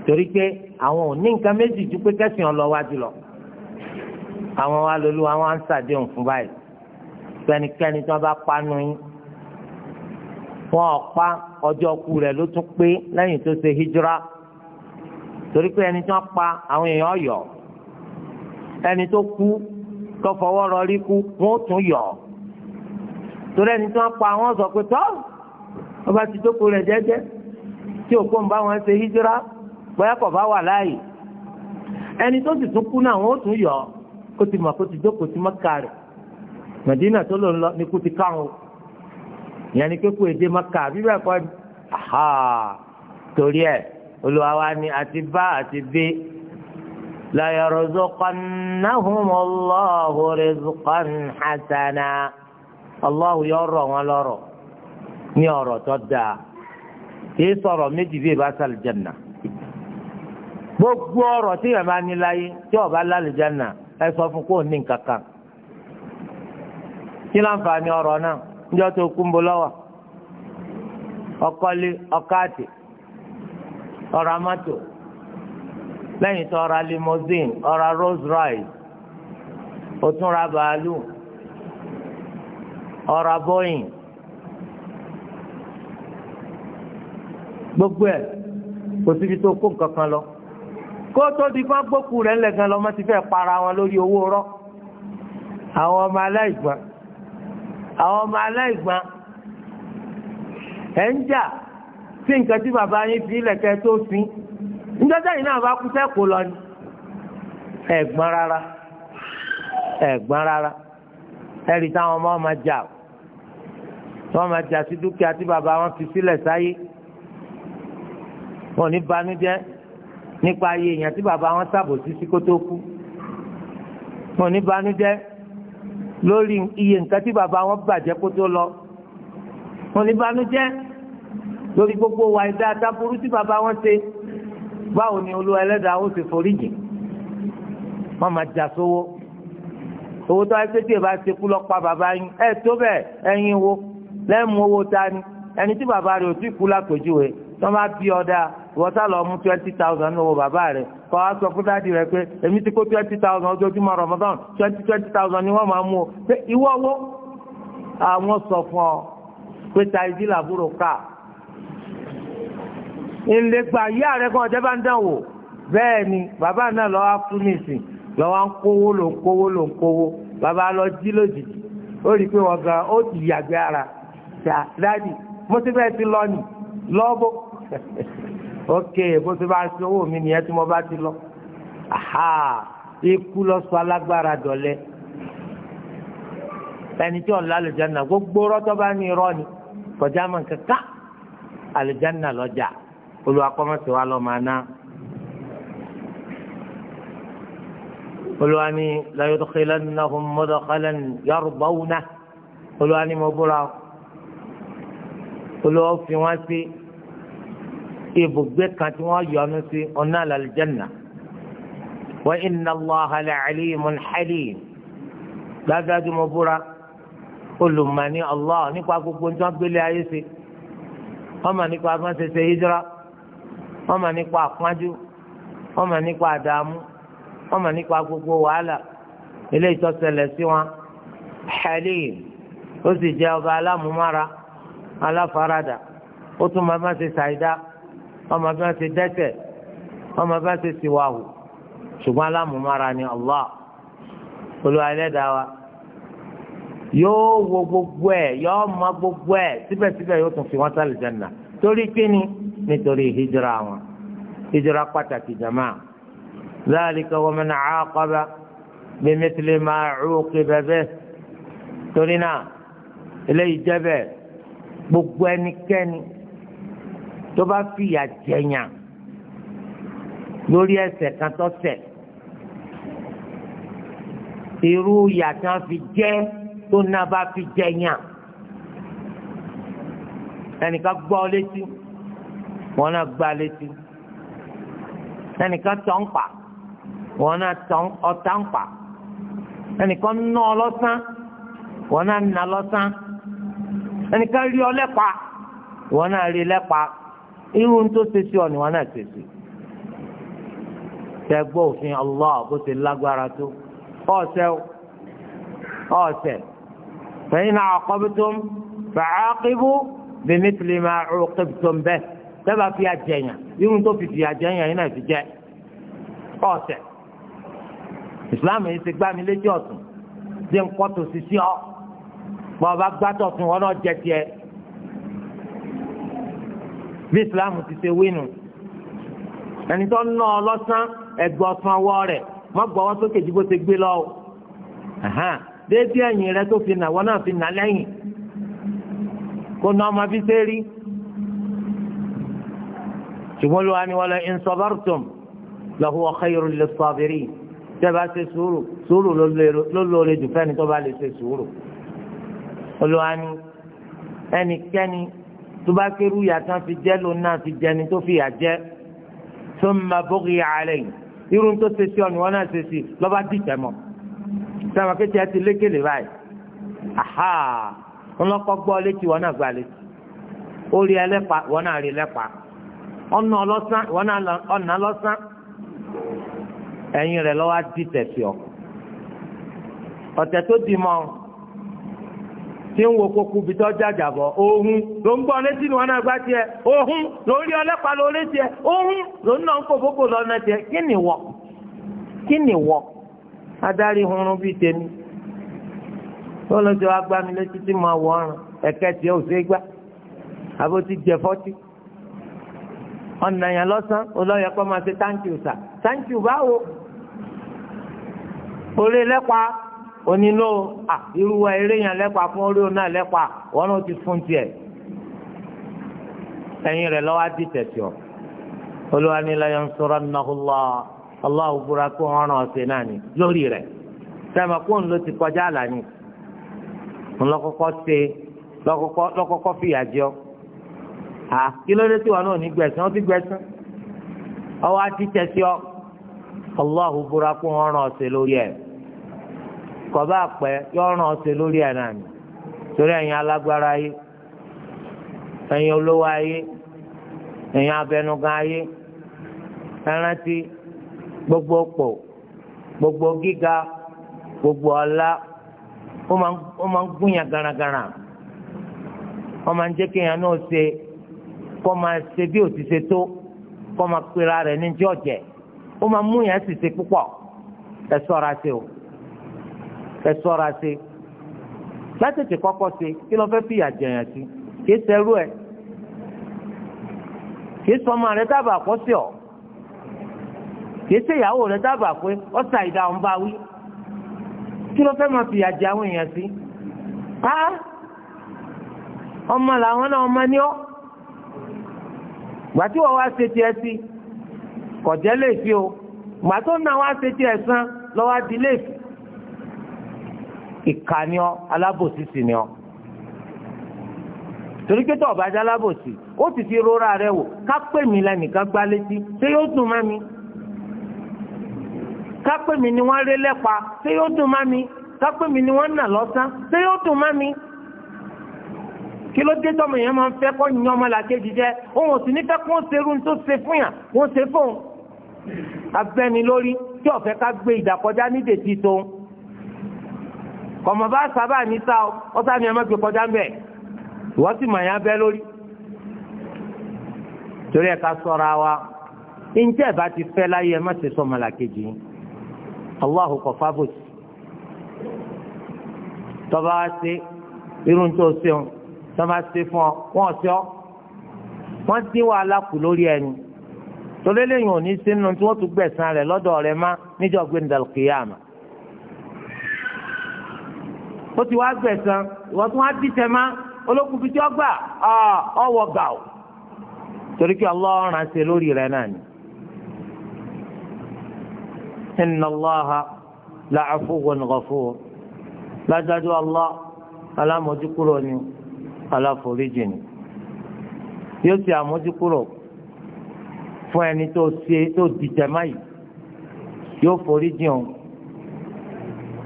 torí pé àwọn ò ní nǹkan méjì ju pé kẹ́sìn ọlọ́wájú lọ àwọn wa lolú àwọn ń ṣàdéhùn fún báyìí pẹ́nikẹ́ni tí wọ́n bá panu yín wọ́n pa ọjọ́ ku rẹ̀ ló tún pé lẹ́yìn tó ṣe hijira torí pé ẹni tí wọ́n pa àwọn èèyàn yọ̀ ẹni tó kú tó fọwọ́ rọrí kú wọ́n tún yọ̀ torí ẹni tí wọ́n pa wọ́n sọ pé tọ́ ọba ti dókòó rẹ̀ jẹ́jẹ́ tí òkú ń bá wọn ṣe hijira bóyá kò bá wà láàyè ẹni tó sì tún kú náà wọn ó tún yọ kó ti mọ̀ kó ti jókòó sí mọ́kà rẹ̀ mẹ̀dínà tó lò ń lọ ní kú ti káwọn ìyẹn ni pé kú èdè mọ́kà bíbẹ̀ kọ́ ni torí ẹ̀ olùwà wa ni àti bá àti bí layarzuqannahum Allahu rizqan wọn lọ́rọ̀ ní ọ̀rọ̀ tó dáa kì í sọ̀rọ̀ méjì bí ìbá sàlìjẹ̀ gbogbo ọrọ tí yẹn máa ní tí ọba lálùjáná ẹ sọ fún kó o ní kí láǹfààní ọ̀rọ̀ náà níjọ́ tó kú ń bo lọ́wọ́ ọkọ́lé ọkáàtì ọ̀rọ̀ amátò lẹ́yìn tó ọ̀rọ̀ limousine ọ̀rọ̀ rose bàálù Boeing gbogbo ẹ kò síbi kó tó di fún agbókù rẹ̀ ńlẹ̀ gan lọ́mọ ti fẹ́ para wọn lórí owó rọ́ àwọn ọmọ aláìgbọ́n àwọn ọmọ aláìgbọ́n ẹ̀ ń jà sí nǹkan tí bàbá yín fi ilẹ̀kẹ́ tó sin níjọ́jọ́ yìí náà bá kú sẹ́kù lọ ni ẹ̀gbọ́n rárá ẹ̀gbọ́n rárá ẹ̀rí táwọn ọmọ ọmọ jà wọ́n máa jà sí dúkìá tí bàbá wọn fi sílẹ̀ sáyé wọn ò ní banújẹ́ nípa ayé èèyàn tí bàbá wọn ṣàbòsí sí kó tó kú wọn ní banújẹ́ lórí iye nǹkan tí bàbá wọn bàjẹ́ kó tó lọ wọn ní banújẹ́ lórí gbogbo wa ìdá àtàkùrú tí bàbá wọn ṣe báwo ni olúwa ẹlẹ́dàá ó ṣe foríjì wọn máa jà sówó owó tó wáyé pété bá ṣe kú lọ pa bàbá yín ẹ tó bẹ́ẹ̀ ẹ̀yin wo lẹ́mú owó ta ni ẹni tí bàbá rẹ̀ ò tí kú lápèjúwe tí wọ́n bá bí ọ dáa ìwọ lọ mú twenty thousand ní owó bàbá rẹ kọ́ wa sọ fún dáàdi rẹ pé èmi ti kó twenty thousand ojoojúmọ́ Ramadan twenty twenty thousand ni wọ́n máa mú o pé ìwọ wo àwọn sọ fún ọ pé taizí làbúrò ká ìlẹgbà ìyá rẹ kan ọjọ́ bá ń dán wò bẹ́ẹ̀ ni bàbá náà lọ́wọ́ fún mi sìn lọ́wọ́ ń kówó ló ń kówó ló ń kówó bàbá lọ jí lójijì ó rí i pé wọ́n gan ó ti yàgbé ara dáàdi mo ti bẹ́ẹ̀ ti lọ nì lọ́bọ̀ ok bó ti bá ṣe owó mi nìyẹn tí mo bá ti lọ aha ikú lọ sọ alágbára dọ̀lẹ ẹni tí ọ̀la àlùjáná gbogbo rọ́tọ́ bá ní irọ́ ni kọjá mọ̀ kankan àlùjáná lọ́jà olùwàkọ́mọ̀sí wa lọ́ọ́ máa ná. olùwàní layọ̀dọ̀kẹ́lẹ́nàhùn mọ́dọ̀kẹ́lẹ́n yọ̀rùbáwùnà olùwàní mo búra ibùgbé kan tí wọ́n yọ́nú sí ọ̀nà àlàlùjẹ́nà wa inna Allaha la'alimun halim dájú mo búra olùmọ̀ni Allah nípa gbogbo tí wọ́n gbélé ayé sí wọ́n mọ̀ nípa afẹ́nsẹsẹ hijira wọ́n mọ̀ nípa àpọ́njú wọ́n mọ̀ nípa àdààmú wọ́n mọ̀ nípa gbogbo wàhálà ilé ìtọ́sẹ̀lẹ̀ sí wọn halim ó sì jẹ́ ọba alámúmára aláfaradà ó tún máa má ṣe ṣàìdá ọmọ bí wọ́n ṣe dẹ́ṣẹ̀ ọmọ bí wọ́n ṣe ṣìwàhù ṣùgbọ́n alámùmára ni Allah olúwa ẹlẹ́dàá wa yóò wo gbogbo ẹ̀ yóò mọ gbogbo ẹ̀ síbẹ̀síbẹ̀ yóò tún fi wọ́n sálì jẹ́nà torí kíni nítorí hijira wọn hijira pàtàkì jama zalika wa man aqaba bimithli ma uqiba torí náà eléyìí jẹ́ bẹ́ẹ̀ gbogbo ẹnikẹ́ni tó bá fìyà jẹyàn lórí ẹ̀ṣẹ̀ kan tó ṣẹ̀ irú yàtọ̀ fi jẹ́ tó náà bá fi jẹyàn ẹnìkan gbọ́ létí wọn náà gbá létí ẹnìkan tọ̀ ń pa wọn náà tọ̀ ọ̀tá ń pa ẹnìkan ná ọ lọ́sán wọn náà ná lọ́sán ẹnìkan rí ọ lẹ́pa wọn náà rí lẹ́pa. irú tó ṣe sí ọ wọn náà ṣe sí tẹ gbọ́ òfin Allah bó ṣe lágbára tó ọsẹ ọsẹ fẹyìn náà ọkọbítọm bìmítìlímà ọkọbítọm bẹ́ẹ̀ tẹbà fi àjẹyàn irú tó fi fi àjẹyàn yìí náà fi jẹ ọsẹ Islam yìí ti gbá mi létí ọ̀tún dé nkọ́tò sí ọ bá wọn náà jẹ tiẹ̀. bí islam ti ṣe wínu ẹni tó ń ná ọ lọ́sán ẹgbẹ́ ọ̀sán ọwọ́ rẹ̀ má gbọ́wọ́ sókè ju bó ti gbé lọ déédéé ẹ̀yìn rẹ tó fi nà wọ́n náà fi nà lẹ́yìn kó ná ọmọ bí sẹ́rí ṣùgbọ́n ló wà ní wala in sabartum lahuwa khayrun lis-sabirin tẹ́bà ṣe sùúrù sùúrù ló lóore jù fẹ́ni tó bá lè ṣe sùúrù olùwà ni ẹnikẹ́ni tó bá kérú yàtọ̀ fi jẹ́ ló fi jẹ́ ni fi yà jẹ́ tó ma bókì àlẹ́ yìí irun tó ṣe sí ọ̀nà wọn náà ṣe sí lọ́ba dìtẹ̀ mọ́ sábà kékeré ti lékele báyìí aha ńlọ́kọ́ gbọ́ létí wọn náà gba létí ó rí ẹlẹ́pàá wọn náà rí ẹlẹ́pàá ọ̀nà ọlọ́sán wọn náà ọ̀nà ọlọ́sán ẹ̀yìn rẹ̀ lọ́wọ́ dìtẹ̀ sí ọ ọ̀tẹ̀ tó dì tí ń wo kókó bí tọ́ jàjàbọ̀ ohun ló ń gbọ́ létí ni wọn náà gbá tiẹ̀ ohun lórí tiẹ̀ ohun ló ń náà ń fòfófó lọ́nà tiẹ̀ kí ni wọ́ kí ni wọ́ adarí hunrun bíi tèmi lọ́lọ́jọ́ agbami létí tí mo wọ ọ̀ràn ò gbá àbó ti jẹ fọ́tí ọ̀nà yẹn lọ́sàn olóyè kọ́ máa ṣe táǹkì táǹkì onílò irúwa eré yẹn lẹ́pa fún orí òun náà lẹ́pa wọn náà ti fún tiẹ̀ ẹ̀yin rẹ̀ lọ́wọ́ á ni la ya Allah Allah búra kó wọn ràn ọ̀sẹ̀ náà ni lórí rẹ̀ lo ti kọjá àlà ni fìyà jọ kí ló dé tí wọn náà ní ti ọ Allah búra kó wọn kọba pẹ yọrọ ọsẹ lórí ẹ náà ni torí ẹ̀yin alágbára yìí ẹ̀yin olówó ayé ẹ̀yin abẹnugan ayé ẹrántí gbogbo pò gbogbo gíga gbogbo ọlá ó máa ń gúnyàn garagara ó máa ń jẹ́ kéèyàn náà ṣe kó máa ṣe bí ò ti ṣe tó kó máa pera rẹ̀ ní ó máa sì ṣe ẹ ẹ sọ́ra sí látètè kọ́kọ́ sí kí ló fẹ́ fìyà jẹ̀yàn sí kì í sẹ́rú ẹ̀ kì í sọmọ rẹ dábàá kó sí ọ kì í ṣe ìyàwó rẹ dábàá pé ó sa ìdá òun bá wí kí ló fẹ́ máa fìyà jẹ àwọn èèyàn sí á ọmọ làwọn náà ọmọ ní ọ gbà tí wọ́n wá ṣe tiẹ̀ sí kọ̀jẹ́ lè fi o gbà tó náà wá ṣe tiẹ̀ san lọ́wọ́ á di lè fi ìkànnì ọ alábòsí sì ni ọ torí pé tó ọba jẹ alábòsí ó ti fi rora rẹ wò ká pè mí lẹnìkan gbá létí ṣé yóò dùn má mi ká pè mí ni wọ́n ré lẹ́pa ṣé yóò dùn má mi ká pè mí ni wọ́n nà lọ́sán ṣé yóò dùn má mi kí ló dé tọmọ yẹn máa ń fẹ́ kọ́ yan ọmọ làkejì jẹ òun ò sì ní fẹ́ kó ń serú tó ṣe fún yàn kó ń ṣe fóun abẹ́ni lórí tí ọ̀fẹ́ ká gbé ìdàkọjá nídètí tóun kọmọ bá sábà níta ọsà ni ẹ má gbé kọjá ń bẹ ìwọ sì mọ̀ yẹn abẹ́ lórí torí ẹ ká ṣọ́ra wa njẹ́ ẹ bá ti fẹ́ láyé ẹ má ṣe sọ ọmọlàkejì yín Allahu kọ fábòsì tọ́ba wá sí irun tó ṣeun tọ́ba ṣe fún ọ wọ́n ṣe ọ́ wọ́n dín wàhálà kù lórí ẹni torí lẹ́yìn òní sínú tí wọ́n tún gbẹ̀san rẹ̀ lọ́dọ̀ rẹ̀ má níjọ́ gbẹ̀ndàlùkìyàmà. ó ti wá san ìwọ́n tún wá dìtẹ̀ má olókùn fi tí ó gbà ọwọ́ gbà ó torí kí Allah ṣe lórí rẹ̀ náà ni. inna Allaha la'afuwwun ghafur lájájú Allah alámójúkúrò ni aláforíjì ni yóò ṣe àmójúkúrò fún ẹni tó ṣe tó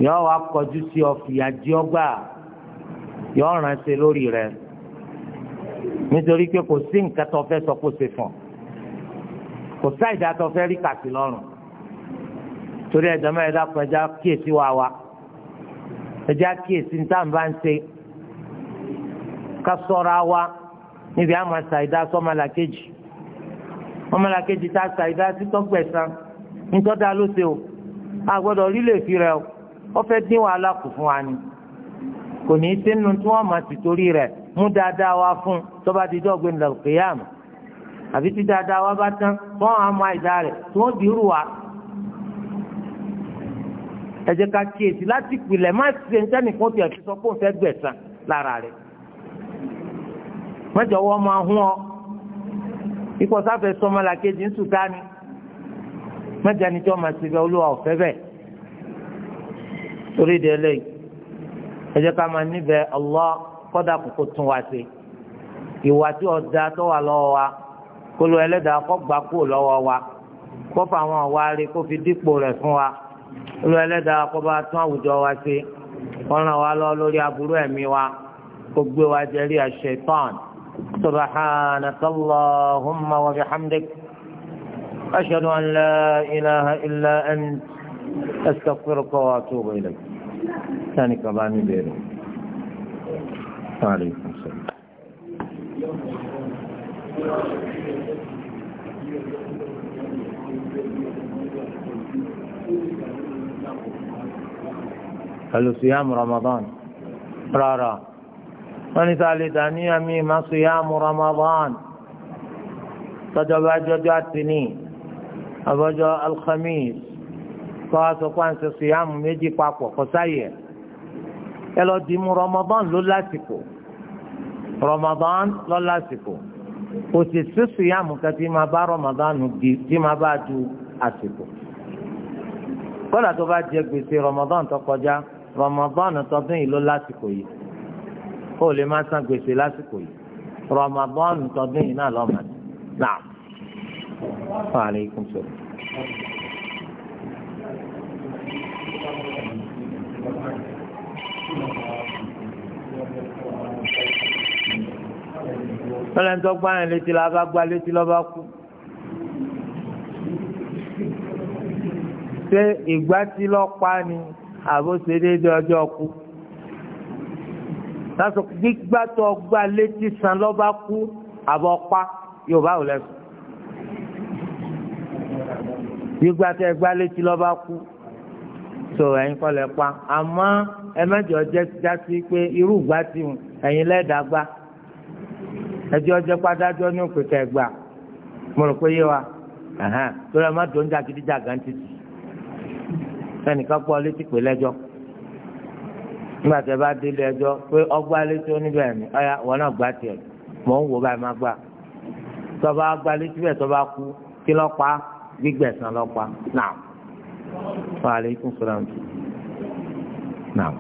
yọ wá kọjú sí ọ fìyà ọgbà yọ ránṣẹ́ lórí rẹ nítorí pé kò sí nǹkan tó fẹ́ sọ kó ṣe fún ọ kò sáìdá tó fẹ́ rí kàtì lọ́rùn torí ẹ̀dọ́ mẹ́rin dákun ẹja kíyèsí wa wa ẹja kíyèsí ní táwọn bá ń ṣe ká sọ́ra wa níbi àmọ́ ṣàìdá sọ́mọlàkejì ọmọlàkejì tá ṣàìdá títọ́gbẹ̀sán nítọ́dá ló ṣe o a gbọ́dọ̀ rí rẹ o. wọ́n fẹ́ dín wàhálà kù fún wa ni kò ní í sínú tí wọ́n máa ti torí rẹ̀ mú dáadáa wá fún tọ́ba ti dọ́gbé ní lọ́kìyàm àfi tí dáadáa wá bá tán tí wọ́n á mọ àìdá rẹ̀ tí wọ́n di irú wa. ẹ jẹ́ ká kíyèsí láti pìlẹ̀ má ṣe ń tẹ́nìkan tiẹ̀ sọ pé òun fẹ́ gbẹ̀sán lára rẹ̀ mọ́jọ wọ́n máa hún ọ ikọ̀ sáfẹ́ sọmọlàkejì ń sùn mọ́jọ ni tí wọ́n máa olúwa ọ̀fẹ́ bẹ́ẹ̀. torí ìdí ẹlẹ́yìí ẹ jẹ́ ká máa níbẹ̀ Allah kọ́dà kókó tún wá sí ìwà tí ọ̀dà tó wà lọ́wọ́ wa kó lu ẹlẹ́dàá kó gbà kúrò lọ́wọ́ wa kó fa àwọn ọ̀wá rí kó fi dípò rẹ̀ fún wa kó ẹlẹ́dàá kó bá tún àwùjọ wa sí kó ràn lọ lórí aburú ẹ̀mí wa kó gbé wa jẹ́rí àṣetán subhanaka Allahumma wa bihamdik ashhadu an la ilaha illa anta. استغفرك واتوب اليك ثاني كمان بيرو وعليكم السلام هل صيام رمضان را را من سالي داني امي ما صيام رمضان فجواجو جاتني ابو جو الخميس kọ́ aṣọ kó à ń sọ̀sọ̀ yá mu méjì papọ̀ kọ́ sáyẹ̀ ẹ lọ dì mú Ramadan ló lásìkò Ramadan lọ lásìkò kò sì sọ̀sọ̀ yá mu kẹ́tí máa bá Ramadan di tí máa bá du àsìkò kọ́dà tó bá jẹ gbèsè Ramadan tó kọjá Ramadan tọdún yìí ló lásìkò yìí ó lè má san gbèsè lásìkò yìí Ramadan tọdún yìí náà lọ́mọdé náà. Wa alaikum salaam lọ́lẹ̀ ń tọ́ gbáyìn létí la bá gbá létí lọ́ba kú. ṣé ìgbà tí lọ́ pa ni àbó ṣe déédé ọjọ́ kú. lásán gbígbà tó gbá létí san lọ́ba kú àbọ̀ pa yóò bá wò lẹ́sùn. gbígbà tó gbá létí lọ́ba kú so ẹ̀yin kọ́ lẹ pa àmọ́ ẹ mẹ́jọ jẹ́ jásí pé irú ìgbà tí ẹ̀yin lẹ́ẹ̀dàgbà ẹjọ́ jẹ́ pátájọ́ ní òkèkè ẹgbà mo rò pé yé wa torí ẹ ẹnìkan pọ̀ létí pé lẹ́jọ́ nígbà tí pé ọgbà gbà tiẹ̀ mọ̀ ń wò báyìí má gbà tọ́ba Wa alaikum salaam. Naam.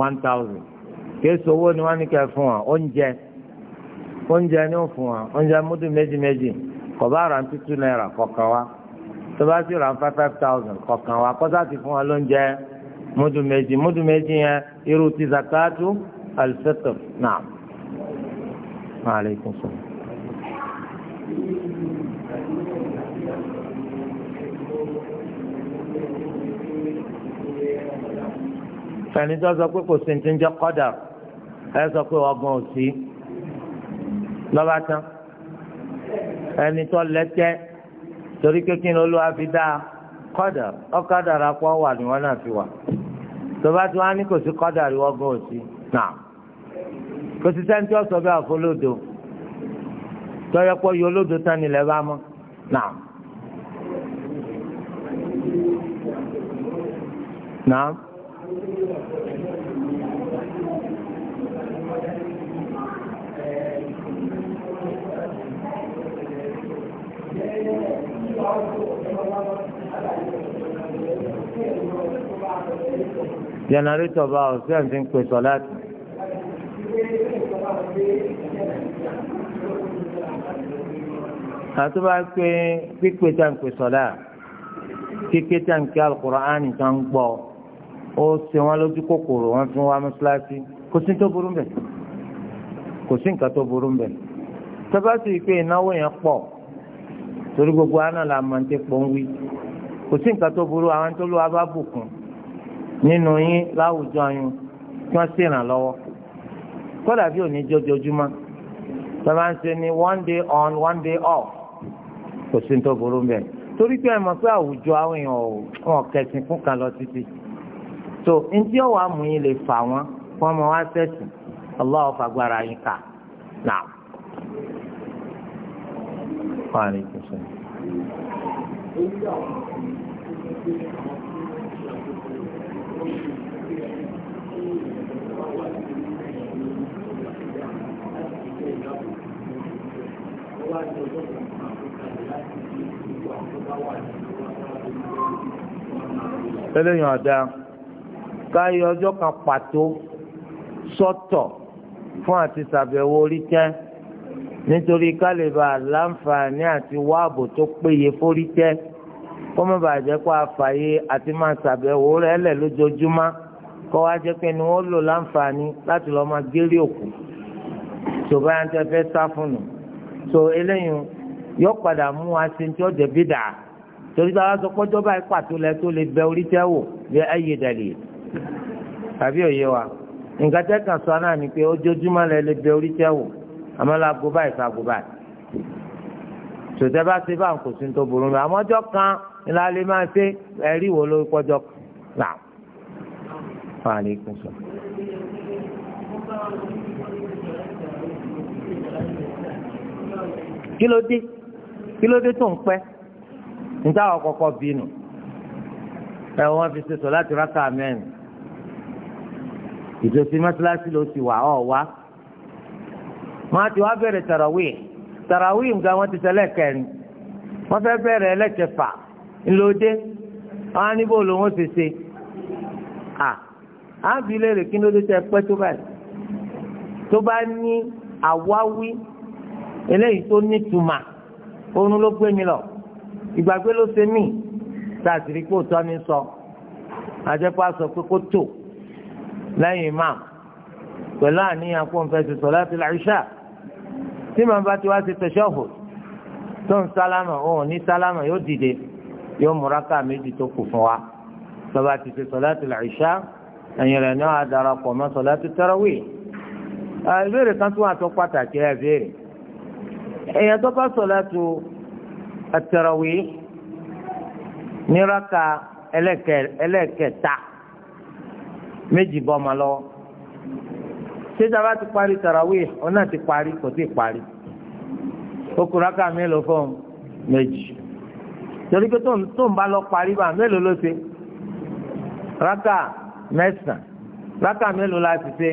one thousand kéésì owó ni wọ́n ní kẹ́ fún wa oúnjẹ oúnjẹ ni ó fún wa oúnjẹ múdù méjì méjì kọ̀ọ̀bá àrà ń tutù náírà kọ̀ọ̀kan wa tó bá sì ràn fún five thousand kọ̀ọ̀kan wa kọ́sá ti fún wa lóúnjẹ múdù méjì múdù méjì yẹn irú ti zakatu alifẹ́tọ̀ náà. Maaleykum salaam. fẹ̀ni tó sọ pé kò sí ti ń jẹ́ kọ́dà ẹ sọ pé ọgbọ́n ò sí lọ́ba tán ẹni tó lẹ́tẹ́. torí pé kí ni olúwa fi dá kọ́dà ọ̀kadà rà pọ̀ wà ní wọn náà fi wà tó bá ti wá ní kò sí kọ́dà rí wọ́n gbọ́n sí náà kò sí sẹ́ńtì ọ̀sọ̀ bí àfọlódò tọ́yọ pọ̀ yọ olódò tán nílẹ̀ bá jẹnẹrétọ̀ bá ọ̀sẹ̀ ẹ̀ ń ti ń pè sọ láti. àti bá pé pípé tá ń pè sọ̀dá kíké tá ń ké alukur'an tá ń gbọ́ ó ṣe wọn lójú kòkòrò wọn fi wá mọ́ṣáláṣí kò sí tó burú mbẹ̀ kò sí nǹkan tó burú mbẹ̀ tọ́ba sì pé ìnáwó yẹn pọ̀ torí gbogbo àná la mọ̀ ní ti pọ̀ ń wí kò sí nǹkan tó burú àwọn tó lù wá bùkún nínú yín láwùjọ yín kí wọ́n sì ràn lọ́wọ́ kódà bí òní jọjọjúmọ́ tó bá ń ṣe ní one day on one day off kò sí ní tó burú bẹ́ẹ̀ torí pé ẹ mọ̀ pé àwùjọ àwọn èèyàn wọn kẹsìn fún kan lọ títí so ntí ọwọ́ amúyín lè fà wọ́n kí wọ́n mọ wá sẹ́sìn ọlọ́wọ́ fagbára yín kà náà. Wa alaikum salaam eléyìí ọ̀dà káyọ̀ ọjọ́ kan pàtó sọ́tọ̀ fún àti ṣàbẹ̀wò orí tẹ́ nítorí kálíbà láǹfààní àti wá ààbò tó péye fórí tẹ́ kó má bàa jẹ́ kó àfààyè àti máa ṣàbẹ̀wò rẹ̀ lẹ̀ lójoojúmọ́ kó wá jẹ́ pé ni wọ́n lò láǹfààní láti lọ́ọ́ máa gérí òkú tó bá yẹn tẹ́ fẹ́ sá fún un so eléyìí yọ padà mú wa sí ní ọjọ́ bídà torí bá wa sọ pé ọjọ́ báyìí pàtó lẹ tó lè bẹ orí tẹ́ wò lé dàlẹ́ tàbí òye wa nǹkan tẹ́ kàn sọ náà ni pé ojoojúmọ́ lẹ lè bẹ orí tẹ́ àmọ́ la go báyìí fa tòtẹ́ bá ṣe bá ń kò sí ní tó burú mi àmọ́ ọjọ́ kan ńlá lè máa ṣe ẹ̀rí wo ló kọjọ nà. kí ló dé kí ló dé tó ń pẹ́ níta ọ̀kọ̀ọ̀kọ̀ bínú ẹ̀ wọ́n fi ṣe sọ láti rákà mẹ́rin ìtòsí mọ́sálásí ló ti wà ọ̀ wá wọ́n ti wá bẹ̀rẹ̀ tàràwíì tàràwíì nǹkan wọ́n ti ṣẹlẹ̀ kẹrin wọ́n fẹ́ bẹ̀rẹ̀ ẹlẹ́kẹfà ńlọdẹ wọn á níbo lòun ṣe ṣe à á fi léèrè kí ló dé tẹ pẹ́ tó báyìí tó bá ní àwáwí eléyìí tó nítumà oorun ló gbé mi lọ ìgbàgbé ló ṣe mí tá a sì rí pé òótọ́ ni sọ àjẹpá sọ pé kó tò lẹ́yìn imam pẹ̀lú àníyàn kó n fẹ́ ti sọ̀láàtì l'Ìṣà tí màá bá ti wá ti tẹ̀síọ̀hù tó ń sálámà òun ní sálámà yóò dìde yóò mú rákà méjì tó kù fún wa lọ́ba ti ṣe sọ̀láàtì làìṣá ẹ̀yìn rẹ̀ ní wàá darapọ̀ mọ́ sọ̀láàtì tarawí. ìbéèrè kan tó wà tó pàtàkì ẹ̀ béèrè ẹ̀yìn tó bá sọ̀láàtì tarawí ní rákà ẹlẹ́kẹta méjì bọ́ ọmọ lọ́wọ́ ṣé ti parí tarawí ọ̀nà ti parí kò tí ì parí okùn rákà mélòó fún méjì torí pé tó ń bá lọ parí bá mélòó ló ṣe rákà mẹ́sàn-án rákà mélòó la ti ṣe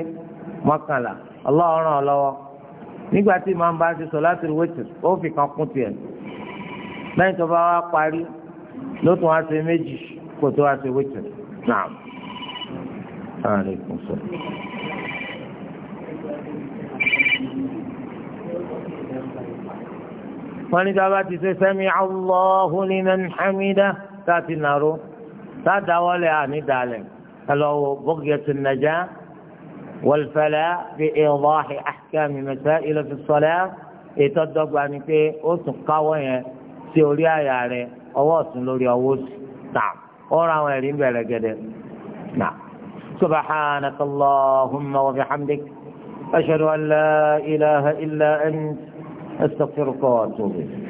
mọ́kànlá ọlọ́run ràn ọ́ lọ́wọ́ nígbà tí màá bá ṣe solatul witr ó fi kan kún tiẹ̀ lẹ́yìn tó bá wá parí ló tún wá ṣe méjì kó tó wá ṣe witr náà. wọ́n ní sábà ti ṣe sẹ́mi Allahu liman hamida táàtì nàró táàdáwọ́lẹ̀ àní dalẹ̀ ẹlọ́wọ́ bọ́gẹ̀tì nàjà wal-fala bi idahi ahkami masail fi salat ètò dọ́gba ni pé ó tún káwọ́ yẹn sí orí àyà rẹ̀ ọwọ́ ọ̀tún lórí ọwọ́ tà ọ̀rọ̀ àwọn ẹ̀rí ń bẹ̀rẹ̀ gẹ̀dẹ̀ nà. subhanakallahumma wa bihamdik ashhadu an la ilaha illa ant. أستغفرك وأتوب إليك